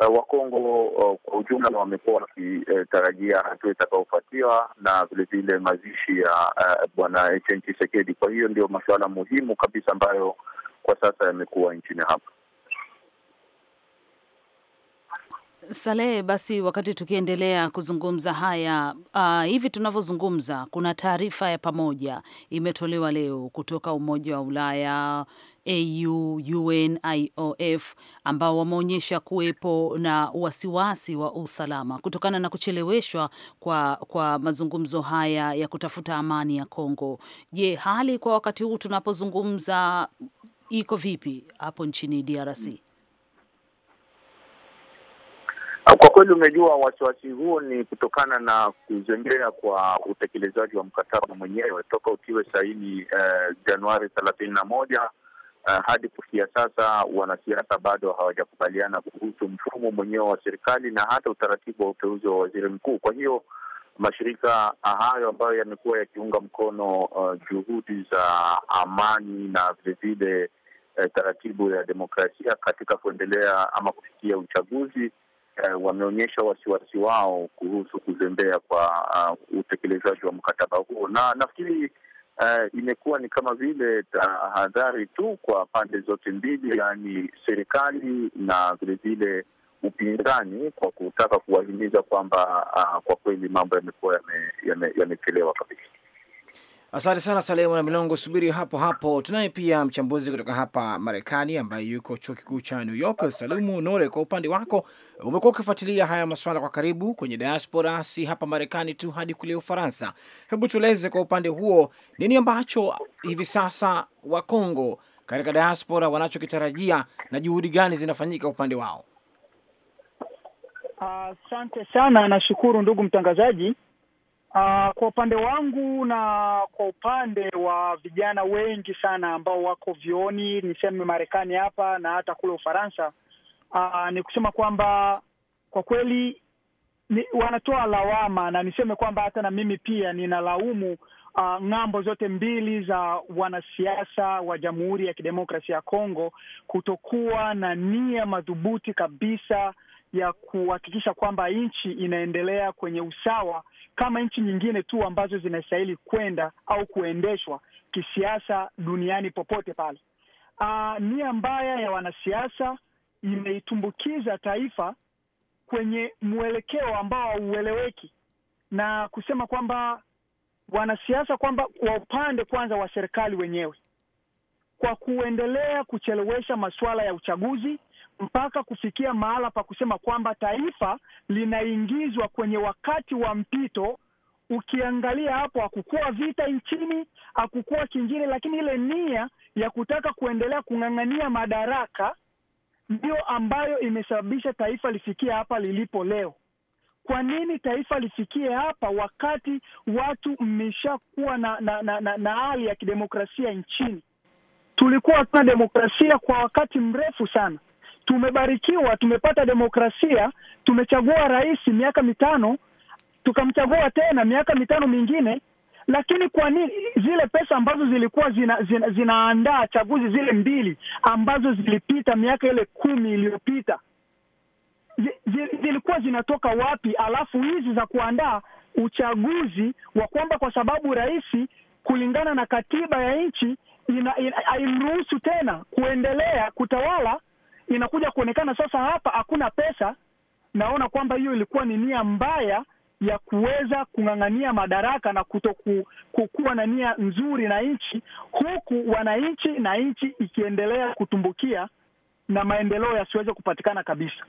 eh, Wakongo oh, kwa ujumla wamekuwa wakitarajia eh, hatua itakayofuatiwa na vilevile mazishi ya eh, bwana Etienne Tshisekedi. Kwa hiyo ndio masuala muhimu kabisa ambayo kwa sasa yamekuwa nchini hapa. Salehe, basi wakati tukiendelea kuzungumza haya uh, hivi tunavyozungumza kuna taarifa ya pamoja imetolewa leo kutoka Umoja wa Ulaya, AU, UN, IOF ambao wameonyesha kuwepo na wasiwasi wa usalama kutokana na kucheleweshwa kwa, kwa mazungumzo haya ya kutafuta amani ya Kongo. Je, hali kwa wakati huu tunapozungumza iko vipi hapo nchini DRC? Kweli umejua, wasiwasi huo ni kutokana na kuzembea kwa utekelezaji wa mkataba mwenyewe toka ukiwe saini uh, Januari thelathini na moja uh, hadi kufikia sasa wanasiasa bado hawajakubaliana kuhusu mfumo mwenyewe wa serikali na hata utaratibu wa uteuzi wa waziri mkuu. Kwa hiyo mashirika hayo ambayo yamekuwa yakiunga mkono uh, juhudi za amani na vilevile taratibu ya demokrasia katika kuendelea ama kufikia uchaguzi uh, wameonyesha wasiwasi wao kuhusu kuzembea kwa uh, utekelezaji wa mkataba huo, na nafikiri uh, imekuwa ni kama vile tahadhari tu kwa pande zote mbili, yaani serikali na vilevile upinzani, kwa kutaka kuwahimiza kwamba uh, kwa kweli mambo yamekuwa yamechelewa yame, yame kabisa. Asante sana Salemu na Milongo, subiri hapo hapo. Tunaye pia mchambuzi kutoka hapa Marekani ambaye yuko chuo kikuu cha New York, Salumu Nore. Kwa upande wako, umekuwa ukifuatilia haya masuala kwa karibu kwenye diaspora, si hapa Marekani tu, hadi kule Ufaransa. Hebu tueleze kwa upande huo, nini ambacho hivi sasa Wakongo katika diaspora wanachokitarajia na juhudi gani zinafanyika upande wao? Asante uh, sana, nashukuru ndugu mtangazaji. Uh, kwa upande wangu na kwa upande wa vijana wengi sana ambao wako vioni, niseme Marekani hapa na hata kule Ufaransa, uh, ni kusema kwamba kwa kweli ni, wanatoa lawama na niseme kwamba hata na mimi pia ninalaumu uh, ng'ambo zote mbili za wanasiasa wa Jamhuri ya Kidemokrasia ya Kongo kutokuwa na nia madhubuti kabisa ya kuhakikisha kwamba nchi inaendelea kwenye usawa kama nchi nyingine tu ambazo zinastahili kwenda au kuendeshwa kisiasa duniani popote pale. Uh, nia mbaya ya wanasiasa imeitumbukiza taifa kwenye mwelekeo ambao haueleweki, na kusema kwamba wanasiasa kwamba kwa upande kwanza wa serikali wenyewe kwa kuendelea kuchelewesha masuala ya uchaguzi mpaka kufikia mahala pa kusema kwamba taifa linaingizwa kwenye wakati wa mpito. Ukiangalia hapo, hakukuwa vita nchini, hakukuwa kingine, lakini ile nia ya kutaka kuendelea kung'ang'ania madaraka ndio ambayo imesababisha taifa lifikie hapa lilipo leo. Kwa nini taifa lifikie hapa wakati watu mmeshakuwa na, na, na, na, na hali ya kidemokrasia nchini? Tulikuwa hatuna demokrasia kwa wakati mrefu sana tumebarikiwa, tumepata demokrasia, tumechagua rais miaka mitano, tukamchagua tena miaka mitano mingine. Lakini kwa nini zile pesa ambazo zilikuwa zina, zina, zinaandaa chaguzi zile mbili ambazo zilipita miaka ile kumi iliyopita zilikuwa zinatoka wapi? Alafu hizi za kuandaa uchaguzi wa kwamba kwa sababu rais kulingana na katiba ya nchi haimruhusu tena kuendelea kutawala inakuja kuonekana sasa hapa hakuna pesa. Naona kwamba hiyo ilikuwa ni nia mbaya ya kuweza kung'ang'ania madaraka na kutokuwa na nia nzuri na nchi, huku wananchi na nchi ikiendelea kutumbukia na maendeleo yasiweze kupatikana kabisa.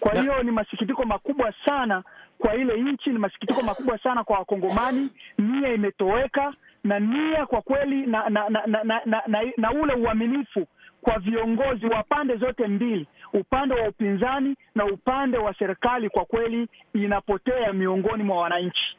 Kwa hiyo ni masikitiko makubwa sana kwa ile nchi, ni masikitiko makubwa sana kwa Wakongomani. Nia imetoweka na nia kwa kweli na, na, na, na, na, na, na, na ule uaminifu kwa viongozi wa pande zote mbili, upande wa upinzani na upande wa serikali, kwa kweli inapotea miongoni mwa wananchi.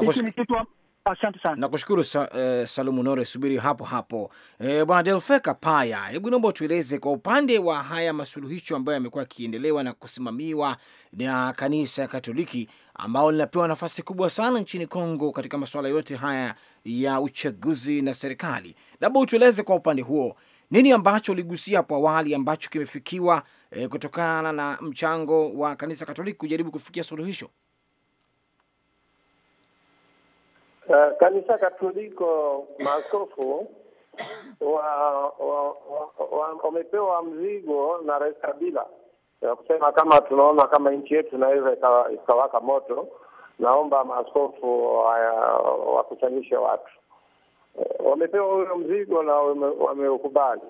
Hiki ni kitu Asante sana nakushukuru sa, uh, Salumu Nore, subiri hapo hapo. E, bwana Delfeka Paya, hebu naomba tueleze kwa upande wa haya masuluhisho ambayo yamekuwa yakiendelewa na kusimamiwa na kanisa ya Katoliki ambao linapewa nafasi kubwa sana nchini Kongo katika masuala yote haya ya uchaguzi na serikali, labda utueleze kwa upande huo nini ambacho uligusia hapo awali ambacho kimefikiwa e, kutokana na mchango wa kanisa Katoliki kujaribu kufikia suluhisho? Uh, kanisa Katoliko maaskofu wamepewa wa, wa, wa, mzigo na rais Kabila ya kusema kama tunaona kama nchi yetu inaweza ikawaka moto, naomba maaskofu wakusanyishe watu wamepewa huyo mzigo na wameukubali,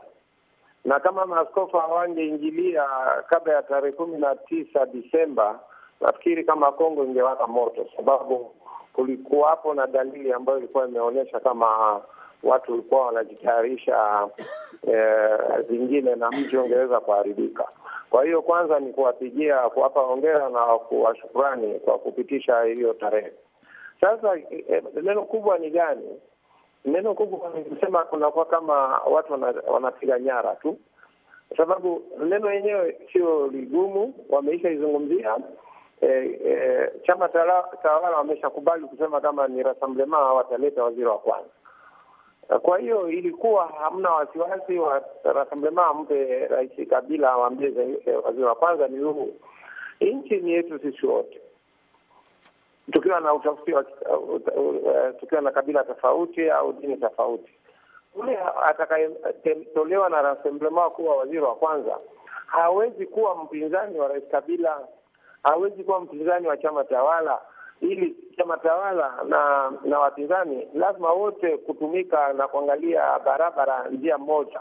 na kama maaskofu hawangeingilia kabla ya tarehe kumi na tisa Disemba, nafikiri kama Kongo ingewaka moto, sababu kulikuwapo na dalili ambayo ilikuwa imeonyesha kama watu walikuwa wanajitayarisha eh, zingine, na mji ungeweza kuharibika. Kwa hiyo kwanza ni kuwapigia, kuwapa hongera na kuwashukurani kwa kupitisha hiyo tarehe. Sasa eh, neno kubwa ni gani? Neno kubwa nilisema kunakuwa kama watu wanapiga nyara tu, kwa sababu neno yenyewe sio ligumu, wameisha izungumzia. E, e, chama tawala wameshakubali kusema kama ni rassemblement wataleta waziri wa kwanza. Kwa hiyo ilikuwa hamna wasiwasi wa rassemblement, ampe Rais Kabila, awambie waziri wa kwanza ni huu. Nchi ni yetu sisi wote tukiwa na utafiti wa tukiwa na kabila tofauti au dini tofauti. Ule atakayetolewa na Rassemblement kuwa waziri wa kwanza hawezi kuwa mpinzani wa rais Kabila, hawezi kuwa mpinzani wa chama tawala ili chama tawala na na wapinzani lazima wote kutumika na kuangalia barabara njia moja.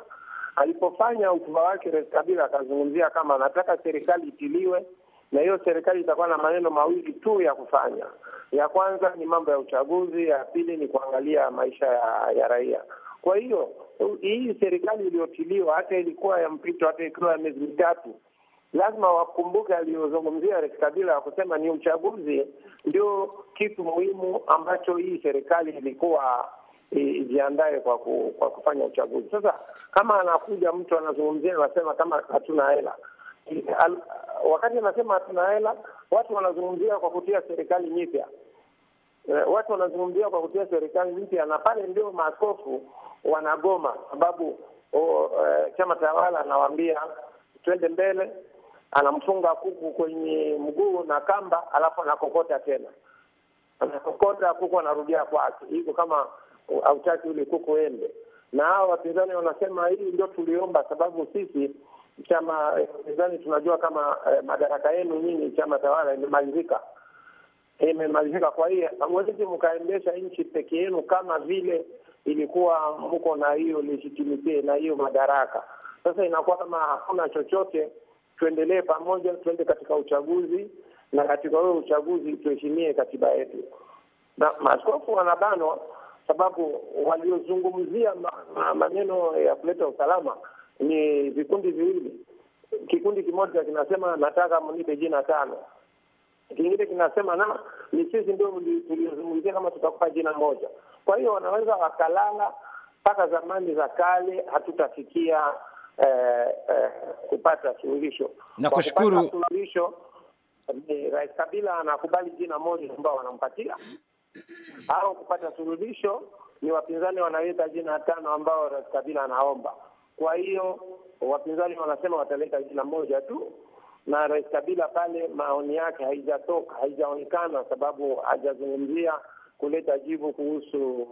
Alipofanya hotuba wake, Rais Kabila akazungumzia kama anataka serikali itiliwe na hiyo serikali itakuwa na maneno mawili tu ya kufanya. Ya kwanza ni mambo ya uchaguzi, ya pili ni kuangalia maisha ya, ya raia. Kwa hiyo hii serikali iliyotiliwa, hata ilikuwa ya mpito, hata ikiwa ya miezi mitatu, lazima wakumbuke aliyozungumzia Rais Kabila wa kusema ni uchaguzi ndio kitu muhimu ambacho hii serikali ilikuwa ijiandae kwa ku, kwa kufanya uchaguzi. Sasa kama anakuja mtu anazungumzia, anasema kama hatuna hela al, wakati anasema hatuna hela, watu wanazungumzia kwa kutia serikali mipya eh, watu wanazungumzia kwa kutia serikali mpya, na pale ndio maaskofu wanagoma, sababu o, eh, chama tawala anawaambia twende mbele, anamfunga kuku kwenye mguu na kamba, alafu anakokota tena, anakokota kuku anarudia kwake, iko kama hautaki ule kuku ende. Na hao wapinzani wanasema hii ndio tuliomba, sababu sisi chama upinzani, tunajua kama eh, madaraka yenu nyinyi chama tawala imemalizika, imemalizika. Kwa hiyo hamwezi mkaendesha nchi peke yenu kama vile ilikuwa mko na hiyo legitimite na hiyo madaraka. Sasa inakuwa kama hakuna chochote. Tuendelee pamoja, tuende katika uchaguzi, na katika huyo uchaguzi tuheshimie katiba yetu. Na maaskofu wanabanwa sababu waliozungumzia maneno ya kuleta usalama ni vikundi viwili. Kikundi kimoja kinasema nataka mnipe jina tano, kingine kinasema na ni sisi ndio tuliozungumzia kama tutakupa jina moja. Kwa hiyo wanaweza wakalala mpaka zamani za kale, hatutafikia eh, eh, kupata suluhisho. kushukuru Suluhisho Rais Kabila anakubali jina moja ambao wanampatia au kupata suluhisho ni wapinzani wanaweka jina tano ambao Rais Kabila anaomba. Kwa hiyo wapinzani wanasema wataleta jina moja tu, na Rais Kabila pale maoni yake haijatoka, haijaonekana, sababu hajazungumzia kuleta jibu kuhusu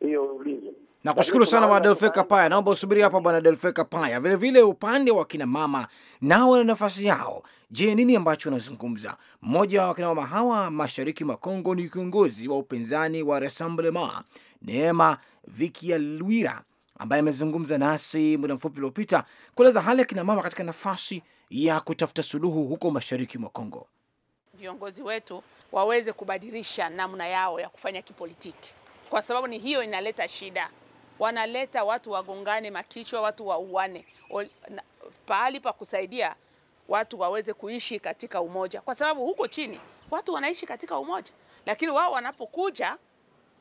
hiyo ulizo. kushukuru sana Bwana Delfeka Paya, naomba usubiri hapa Bwana Delfeka Paya. Vile vile upande wa kina mama nao wana nafasi yao. Je, nini ambacho unazungumza Mmoja wa kina mama hawa mashariki mwa Kongo ni kiongozi wa upinzani wa Rassemblement Neema Vikialwira ambaye amezungumza nasi muda mfupi uliopita kueleza hali ya kinamama katika nafasi ya kutafuta suluhu huko mashariki mwa Kongo. Viongozi wetu waweze kubadilisha namna yao ya kufanya kipolitiki, kwa sababu ni hiyo inaleta shida. Wanaleta watu wagongane makichwa, watu wauane. Pahali pa kusaidia watu waweze kuishi katika umoja, kwa sababu huko chini watu wanaishi katika umoja, lakini wao wanapokuja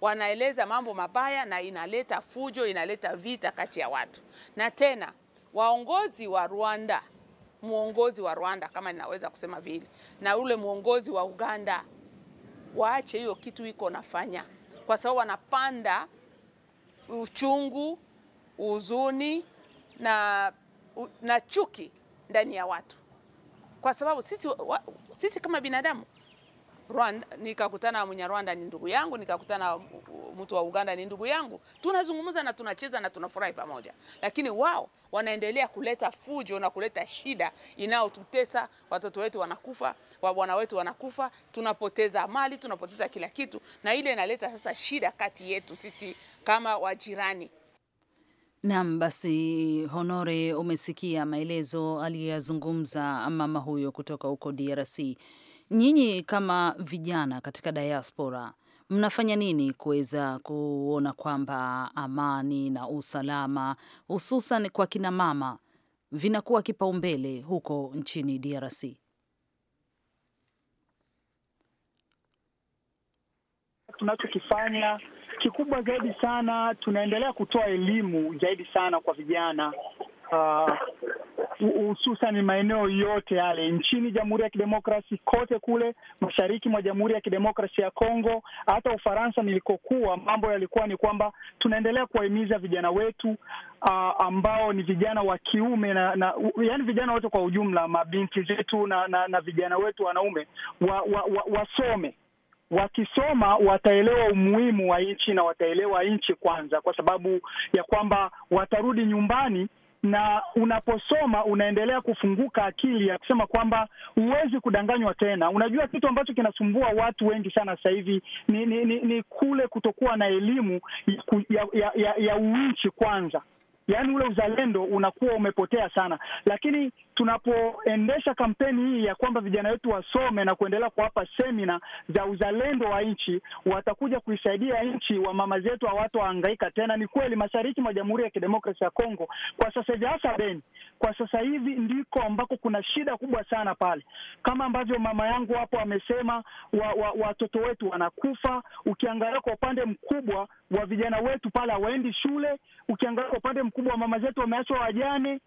wanaeleza mambo mabaya na inaleta fujo, inaleta vita kati ya watu. Na tena waongozi wa Rwanda, muongozi wa Rwanda kama ninaweza kusema vile, na ule muongozi wa Uganda waache hiyo kitu iko nafanya, kwa sababu wanapanda uchungu, huzuni na, na chuki ndani ya watu, kwa sababu sisi, wa, sisi kama binadamu Rwanda, nikakutana na Mnyarwanda ni ndugu yangu, nikakutana na mtu wa Uganda ni ndugu yangu, tunazungumza na tunacheza na tunafurahi pamoja, lakini wao wanaendelea kuleta fujo na kuleta shida inayotutesa. Watoto wetu wanakufa, wabwana wetu wanakufa, tunapoteza mali, tunapoteza kila kitu, na ile inaleta sasa shida kati yetu sisi kama wajirani. Naam, basi Honore, umesikia maelezo aliyazungumza mama huyo kutoka huko DRC. Nyinyi kama vijana katika diaspora mnafanya nini kuweza kuona kwamba amani na usalama hususan kwa kina mama vinakuwa kipaumbele huko nchini DRC? Tunachokifanya kikubwa zaidi sana, tunaendelea kutoa elimu zaidi sana kwa vijana Uh, hususan uh, maeneo yote yale nchini Jamhuri ya Kidemokrasi kote kule mashariki mwa Jamhuri ya kidemokrasi ya Kongo, hata Ufaransa nilikokuwa, mambo yalikuwa ni kwamba tunaendelea kuwahimiza vijana wetu uh, ambao ni vijana wa kiume na, na yaani vijana wote kwa ujumla, mabinti zetu na, na, na vijana wetu wanaume wa, wa, wa, wasome wakisoma wataelewa umuhimu wa nchi na wataelewa nchi kwanza, kwa sababu ya kwamba watarudi nyumbani na unaposoma unaendelea kufunguka akili ya kusema kwamba huwezi kudanganywa tena. Unajua, kitu ambacho kinasumbua watu wengi sana sasa hivi ni, ni, ni, ni kule kutokuwa na elimu ya, ya, ya, ya, uinchi kwanza yaani ule uzalendo unakuwa umepotea sana. Lakini tunapoendesha kampeni hii ya kwamba vijana wetu wasome na kuendelea kuwapa semina za uzalendo wa nchi, watakuja kuisaidia nchi, wa mama zetu hawatohangaika tena. Ni kweli mashariki mwa Jamhuri ya Kidemokrasia ya Kongo kwa sasa hivi, hasa Beni kwa sasa hivi ndiko ambako kuna shida kubwa sana pale, kama ambavyo mama yangu hapo amesema, watoto wa, wa wetu wanakufa. Ukiangalia kwa upande mkubwa wa vijana wetu pale hawaendi shule, ukiangalia kwa upande mkubwa wakubwa wa mama zetu wameachwa wajane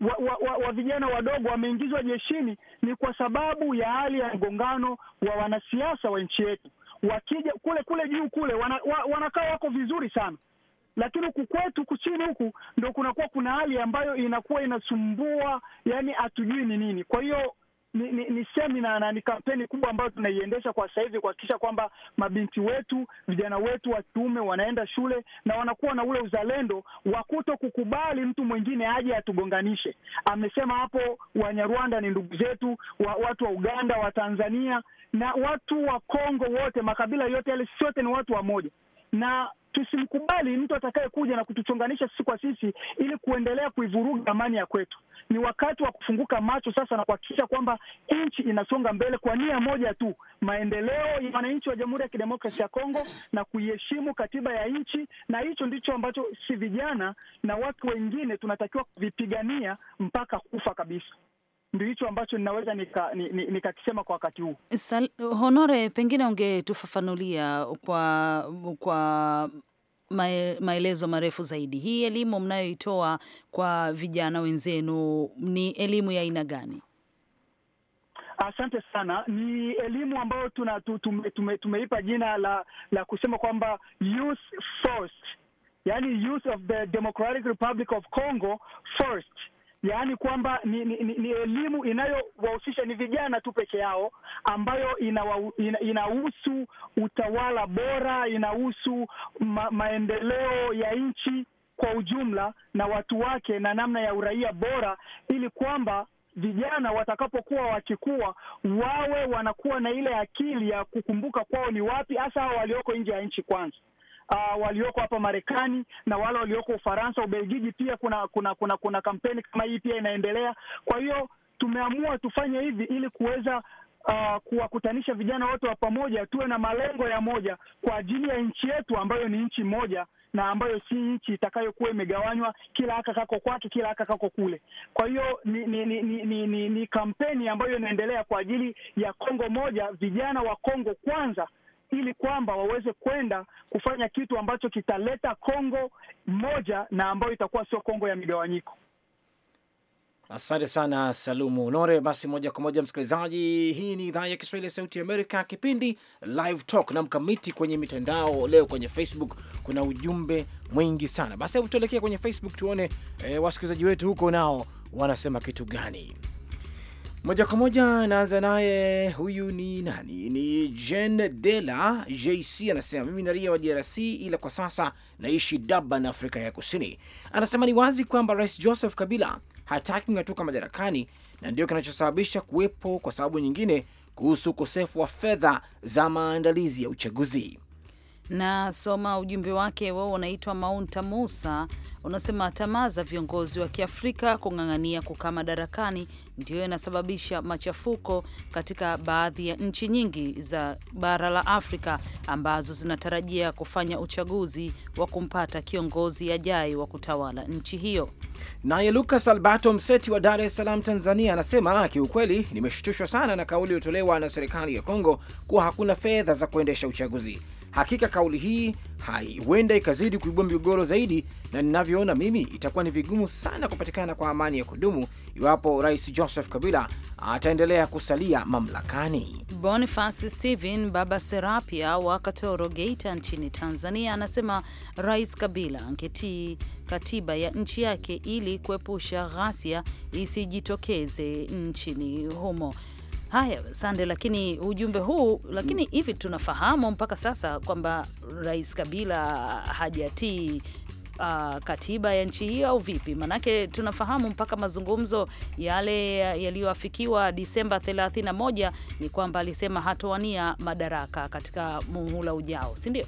wa, wa, wa, wa vijana wadogo wameingizwa jeshini, ni kwa sababu ya hali ya mgongano wa wanasiasa wa nchi yetu. Wakija kule kule juu kule wanakaa wa, wanakaa wako vizuri sana, lakini huku kwetu kuchini huku ndo kunakuwa kuna hali ambayo inakuwa inasumbua, yani hatujui ni nini. Kwa hiyo ni, ni, ni semina na ni kampeni kubwa ambayo tunaiendesha kwa sasa hivi kuhakikisha kwamba mabinti wetu, vijana wetu wa kiume wanaenda shule na wanakuwa na ule uzalendo wa kuto kukubali mtu mwingine aje atugonganishe. Amesema hapo Wanyarwanda ni ndugu zetu, wa, watu wa Uganda, wa Tanzania na watu wa Kongo wote, makabila yote yale, sote ni watu wa moja na tusimkubali mtu atakaye kuja na kutuchonganisha sisi kwa sisi ili kuendelea kuivuruga amani ya kwetu. Ni wakati wa kufunguka macho sasa na kuhakikisha kwamba nchi inasonga mbele kwa nia moja tu, maendeleo ya wananchi wa Jamhuri ya kidemokrasi ya Kongo na kuiheshimu katiba ya nchi, na hicho ndicho ambacho si vijana na watu wengine tunatakiwa kuvipigania mpaka kufa kabisa ndio hicho ambacho ninaweza nikakisema kwa wakati huu. Sal, Honore, pengine ungetufafanulia kwa kwa maelezo marefu zaidi, hii elimu mnayoitoa kwa vijana wenzenu ni elimu ya aina gani? Asante sana. Ni elimu ambayo tuna tume, tume, tumeipa jina la la kusema kwamba youth first, yani youth of the Democratic Republic of Congo first yaani kwamba ni, ni, ni, ni elimu inayowahusisha ni vijana tu peke yao, ambayo inahusu ina, ina utawala bora, inahusu ma, maendeleo ya nchi kwa ujumla na watu wake na namna ya uraia bora, ili kwamba vijana watakapokuwa wakikua wawe wanakuwa na ile akili ya kukumbuka kwao ni wapi hasa hao walioko nje ya nchi kwanza uh, walioko hapa Marekani na wale walioko Ufaransa, Ubelgiji pia kuna kuna kuna kuna kampeni kama hii pia inaendelea. Kwa hiyo tumeamua tufanye hivi ili kuweza Uh, kuwakutanisha vijana wote wa pamoja, tuwe na malengo ya moja kwa ajili ya nchi yetu ambayo ni nchi moja na ambayo si nchi itakayokuwa imegawanywa, kila haka kako kwake, kila haka kako kule. Kwa hiyo ni ni, ni, ni, ni ni kampeni ambayo inaendelea kwa ajili ya Kongo moja, vijana wa Kongo kwanza ili kwamba waweze kwenda kufanya kitu ambacho kitaleta Kongo moja na ambayo itakuwa sio Kongo ya migawanyiko. Asante sana Salumu nore Basi moja kwa moja, msikilizaji, hii ni idhaa ya Kiswahili ya Sauti ya Amerika, kipindi Live Talk na mkamiti kwenye mitandao. Leo kwenye Facebook kuna ujumbe mwingi sana, basi hebu tuelekea kwenye Facebook tuone, e, wasikilizaji wetu huko nao wanasema kitu gani. Moja kwa moja naanza naye, huyu ni nani? Ni Jen Dela JC anasema, mimi ni wa DRC ila kwa sasa naishi Durban, Afrika ya Kusini. Anasema ni wazi kwamba Rais Joseph Kabila hataki kung'atuka madarakani na ndio kinachosababisha kuwepo kwa sababu nyingine kuhusu ukosefu wa fedha za maandalizi ya uchaguzi na soma ujumbe wake, wao wanaitwa Maunta Musa, unasema tamaa za viongozi wa Kiafrika kung'ang'ania kukaa madarakani ndiyo inasababisha machafuko katika baadhi ya nchi nyingi za bara la Afrika ambazo zinatarajia kufanya uchaguzi wa kumpata kiongozi ajaye wa kutawala nchi hiyo. Naye Lucas albato Mseti wa Dar es Salaam, Tanzania, anasema kiukweli, nimeshtushwa sana na kauli iliyotolewa na serikali ya Kongo kuwa hakuna fedha za kuendesha uchaguzi. Hakika kauli hii huenda ikazidi kuibua migogoro zaidi, na ninavyoona mimi itakuwa ni vigumu sana kupatikana kwa amani ya kudumu iwapo Rais Joseph Kabila ataendelea kusalia mamlakani. Boniface Stephen Baba Serapia wa Katoro, Geita nchini Tanzania anasema Rais Kabila angetii katiba ya nchi yake ili kuepusha ghasia isijitokeze nchini humo. Haya, sande. Lakini ujumbe huu, lakini mm. hivi tunafahamu mpaka sasa kwamba Rais Kabila hajatii Uh, katiba ya nchi hiyo au vipi? Manake tunafahamu mpaka mazungumzo yale yaliyoafikiwa Disemba 31 ni kwamba alisema hatowania madaraka katika muhula ujao, si ndio?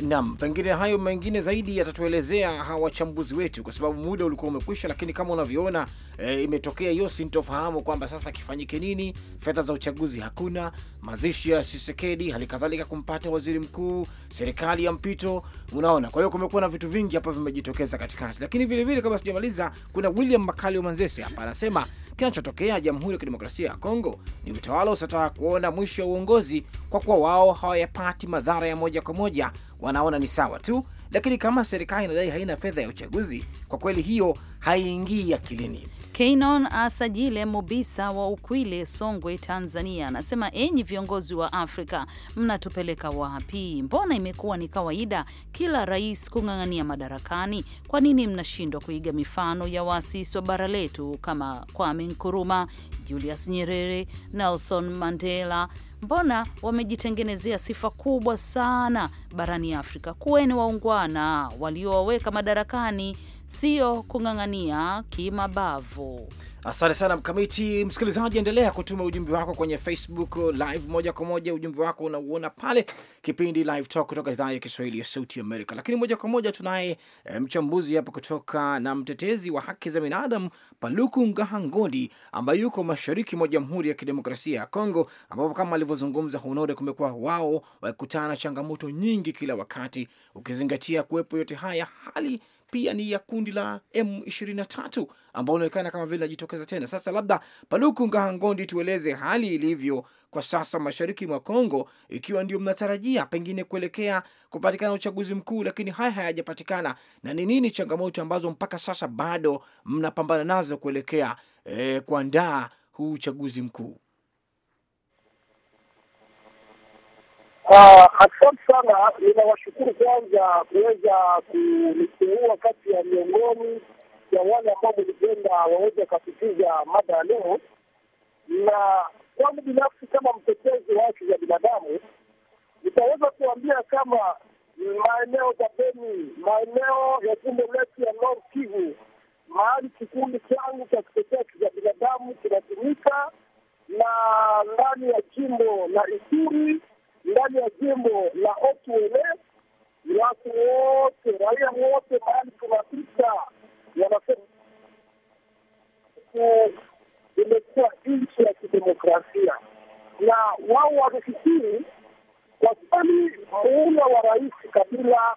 Naam, pengine hayo mengine zaidi yatatuelezea hawa wachambuzi wetu, kwa sababu muda ulikuwa umekwisha. Lakini kama unavyoona e, imetokea hiyo sintofahamu kwamba sasa kifanyike nini. Fedha za uchaguzi hakuna, mazishi ya Tshisekedi, hali kadhalika kumpata waziri mkuu, serikali ya mpito, unaona. Kwa hiyo kumekuwa na vitu vingi hapa vimejitokeza katikati, lakini vilevile, kabla sijamaliza, kuna William wa Manzese hapa anasema kinachotokea Jamhuri ya Kidemokrasia ya Kongo ni utawala usiotaka kuona mwisho wa uongozi, kwa kuwa wao hawayapati madhara ya moja kwa moja, wanaona ni sawa tu, lakini kama serikali inadai haina fedha ya uchaguzi, kwa kweli hiyo haiingii akilini. Keynon Asajile Mobisa wa Ukwile, Songwe, Tanzania, anasema enyi viongozi wa Afrika, mnatupeleka wapi? Mbona imekuwa ni kawaida kila rais kung'ang'ania madarakani? Kwa nini mnashindwa kuiga mifano ya waasisi wa bara letu kama Kwame Nkuruma, Julius Nyerere, Nelson Mandela? Mbona wamejitengenezea sifa kubwa sana barani Afrika? Kuweni waungwana waliowaweka madarakani sio kung'ang'ania kimabavu. Asante sana Mkamiti. Msikilizaji, endelea kutuma ujumbe wako kwenye Facebook Live moja kwa moja. Ujumbe wako unauona pale, kipindi Live Talk kutoka idhaa ya Kiswahili ya Sauti Amerika. Lakini moja kwa moja tunaye eh, mchambuzi hapa kutoka na mtetezi wa haki za binadamu Paluku Ngahangodi ambaye yuko mashariki mwa Jamhuri ya Kidemokrasia ya Kongo, ambapo kama alivyozungumza Honore, kumekuwa wao wakikutana na changamoto nyingi kila wakati, ukizingatia kuwepo yote haya hali pia ni ya kundi la M23 ambao inaonekana kama vile najitokeza tena. Sasa labda Paluku Ngahangondi, tueleze hali ilivyo kwa sasa mashariki mwa Kongo, ikiwa ndio mnatarajia pengine kuelekea kupatikana uchaguzi mkuu, lakini haya hayajapatikana, na ni nini changamoto ambazo mpaka sasa bado mnapambana nazo kuelekea e, kuandaa huu uchaguzi mkuu? Ah, asante sana, ninawashukuru kwanza kuweza kuniteua kati ya miongoni ya wale ambao mlipenda waweze wakasikiza mada ya leo, na kwangu binafsi kama mtetezi wa haki za binadamu nitaweza kuambia kama maeneo ya Beni, maeneo ya jimbo letu ya North Kivu, mahali kikundi changu cha kutetea haki za binadamu kinatumika, na ndani ya jimbo la Ituri ndani ya jimbo la Otuele. watu wote, raia wote, mahali tunapita wanasema imekuwa nchi ya kidemokrasia, na wao wamefikiri kwa kweli muula wa rais Kabila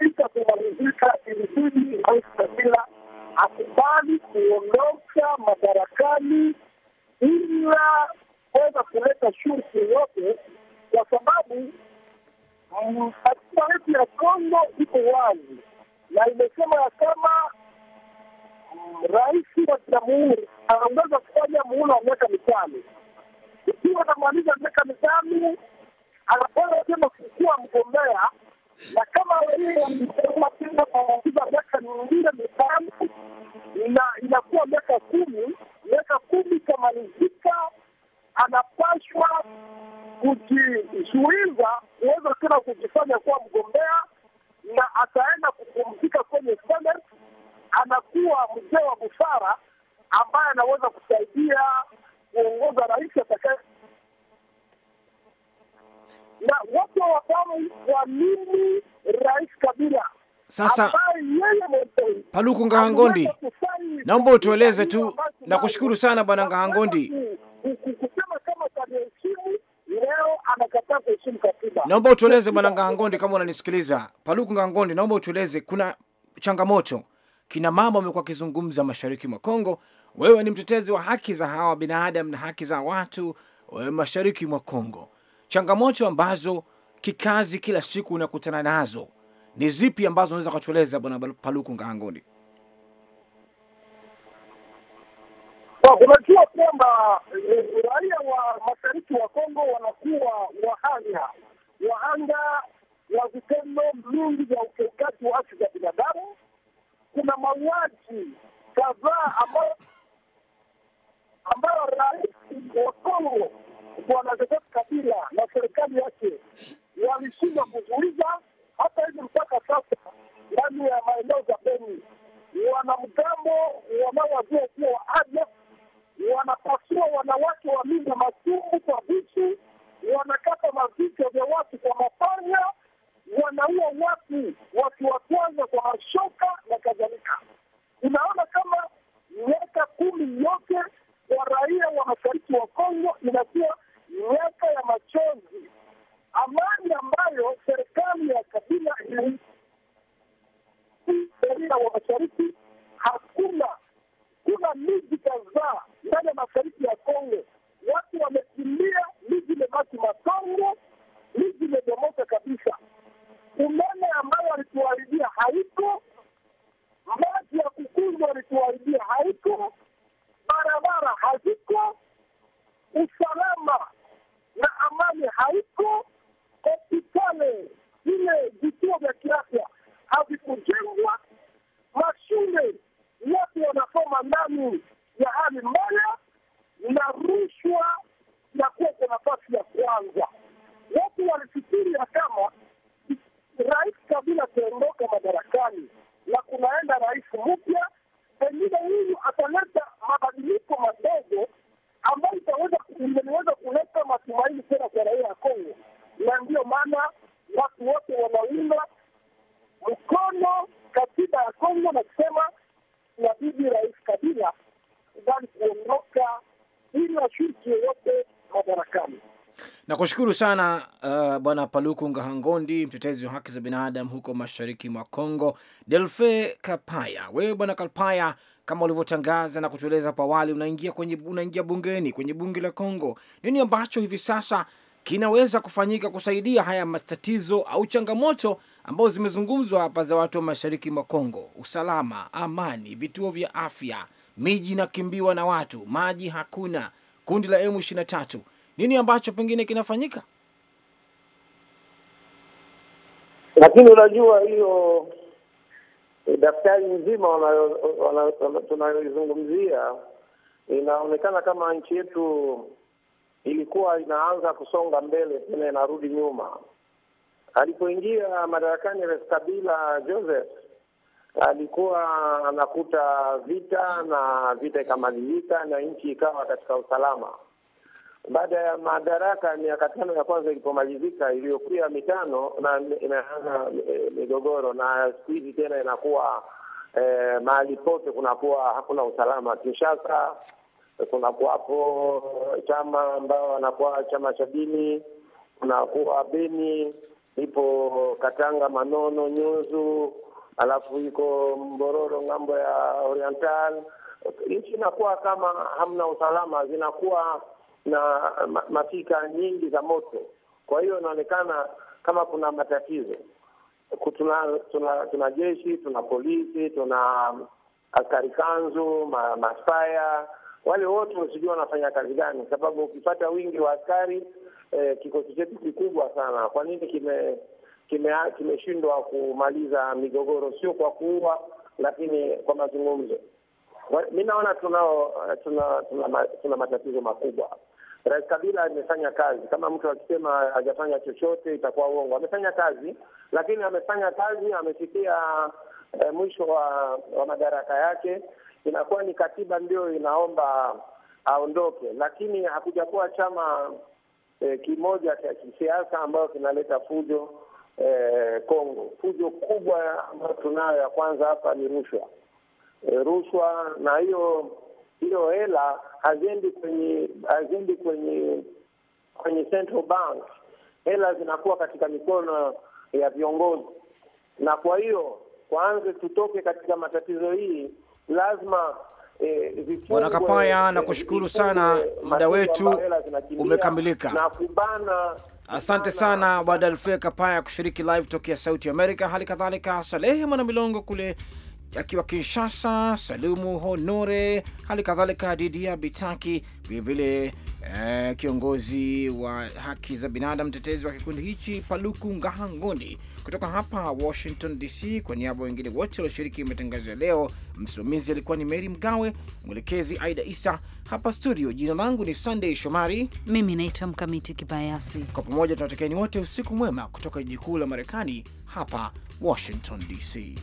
ita kumalizika, ilibidi rais Kabila akubali kuondoka madarakani, ila kuweza kuleta shughuli yote katiba yetu ya Kongo iko wazi na imesema ya kama mm, rais wa jamhuri anaongeza kufanya muhula wa miaka mitano. Ikiwa anamaliza miaka mitano, anapoa tena kukuwa mgombea, na kama yeye tena kuongeza miaka mingine mitano, inakuwa miaka kumi. Miaka kumi ikamalizika anapashwa kujizuiza kuweza tena kujifanya kuwa mgombea, na ataenda kupumzika kwenye sene. Anakuwa mzee wa busara ambaye anaweza kusaidia kuongoza rais atakaye, na watu hawafahamu kwa nini Rais Kabila sasa Paluku Ngahangondi, naomba utueleze tu na kushukuru sana bwana Ngahangondi amekataa kuheshimu katiba. Naomba utueleze Bwana Ngangondi, kama unanisikiliza, Paluku Ngangondi, naomba utueleze, kuna changamoto kina mama wamekuwa wakizungumza mashariki mwa Kongo. Wewe ni mtetezi wa haki za hawa binadamu na haki za watu eh, mashariki mwa Kongo, changamoto ambazo kikazi kila siku unakutana nazo ni zipi ambazo unaweza kutueleza Bwana Paluku Ngangondi? tunajua kwamba eh, raia wa mashariki wa Kongo wanakuwa wahanga wahanga wa vitendo mingi vya hakuna shirki yoyote madarakani. Nakushukuru sana uh, Bwana Paluku Ngahangondi, mtetezi wa haki za binadamu huko mashariki mwa congo Delfe Kapaya, wewe Bwana Kapaya, kama ulivyotangaza na kutueleza hapo awali, unaingia kwenye unaingia bungeni kwenye bunge la Kongo. Nini ambacho hivi sasa kinaweza kufanyika kusaidia haya matatizo au changamoto ambazo zimezungumzwa hapa za watu wa mashariki mwa Kongo? Usalama, amani, vituo vya afya, miji inakimbiwa na watu, maji hakuna kundi la M23, nini ambacho pengine kinafanyika? Lakini unajua hiyo eh, daftari nzima tunayoizungumzia inaonekana kama nchi yetu ilikuwa inaanza kusonga mbele tena inarudi nyuma. Alipoingia madarakani Rais Kabila Joseph alikuwa anakuta vita na vita ikamalizika na nchi ikawa katika usalama. Baada ya madaraka miaka tano ya kwanza ilipomalizika, iliyokuya mitano na inaanza migogoro, na siku hizi tena inakuwa eh, mahali pote kunakuwa hakuna usalama. Kinshasa kunakuwapo chama ambao wanakuwa chama cha dini, kunakuwa Beni, ipo Katanga, Manono, Nyunzu alafu iko Mbororo ng'ambo ya Oriental. Nchi inakuwa kama hamna usalama, zinakuwa na masika nyingi za moto. Kwa hiyo inaonekana kama kuna matatizo. Tuna, tuna, tuna jeshi, tuna polisi, tuna askari kanzu, ma, maspaya wale wote usijua wanafanya kazi gani, sababu ukipata wingi wa askari eh, kikosi chetu kikubwa sana, kwa nini kime kimeshindwa kumaliza migogoro, sio kwa kuua, lakini kwa mazungumzo. Mi naona tunao tuna, tuna, tuna matatizo makubwa. Rais Kabila amefanya kazi. Kama mtu akisema hajafanya chochote itakuwa uongo. Amefanya kazi, lakini amefanya kazi, amefikia eh, mwisho wa, wa madaraka yake. Inakuwa ni katiba ndio inaomba aondoke, lakini hakujakuwa chama eh, kimoja cha kisiasa ambayo kinaleta fujo Eh, Kongo. Eh, fujo kubwa ambayo tunayo ya kwanza hapa ni rushwa. eh, rushwa na hiyo hiyo hela haziendi kwenye haziendi kwenye kwenye central bank, hela zinakuwa katika mikono ya viongozi, na kwa hiyo kwanza tutoke katika matatizo hii, lazima eh, Bwana Kapaya, kushukuru sana, muda wetu umekamilika na kubana Asante sana Bwana Alfea Kapaya kushiriki live tokea Sauti Amerika, hali kadhalika Salehe Mwana Milongo kule akiwa Kinshasa, Salumu Honore, hali kadhalika Didia Bitaki vilevile, eh, kiongozi wa haki za binadamu mtetezi wa kikundi hichi Paluku Ngahangoni. Kutoka hapa Washington DC, kwa niaba wengine wote walioshiriki matangazo ya leo, msimamizi alikuwa ni Mary Mgawe, mwelekezi Aida Isa. Hapa studio, jina langu ni Sunday Shomari, mimi naitwa Mkamiti Kibayasi. Kwa pamoja tunatakieni wote usiku mwema kutoka jiji kuu la Marekani, hapa Washington DC.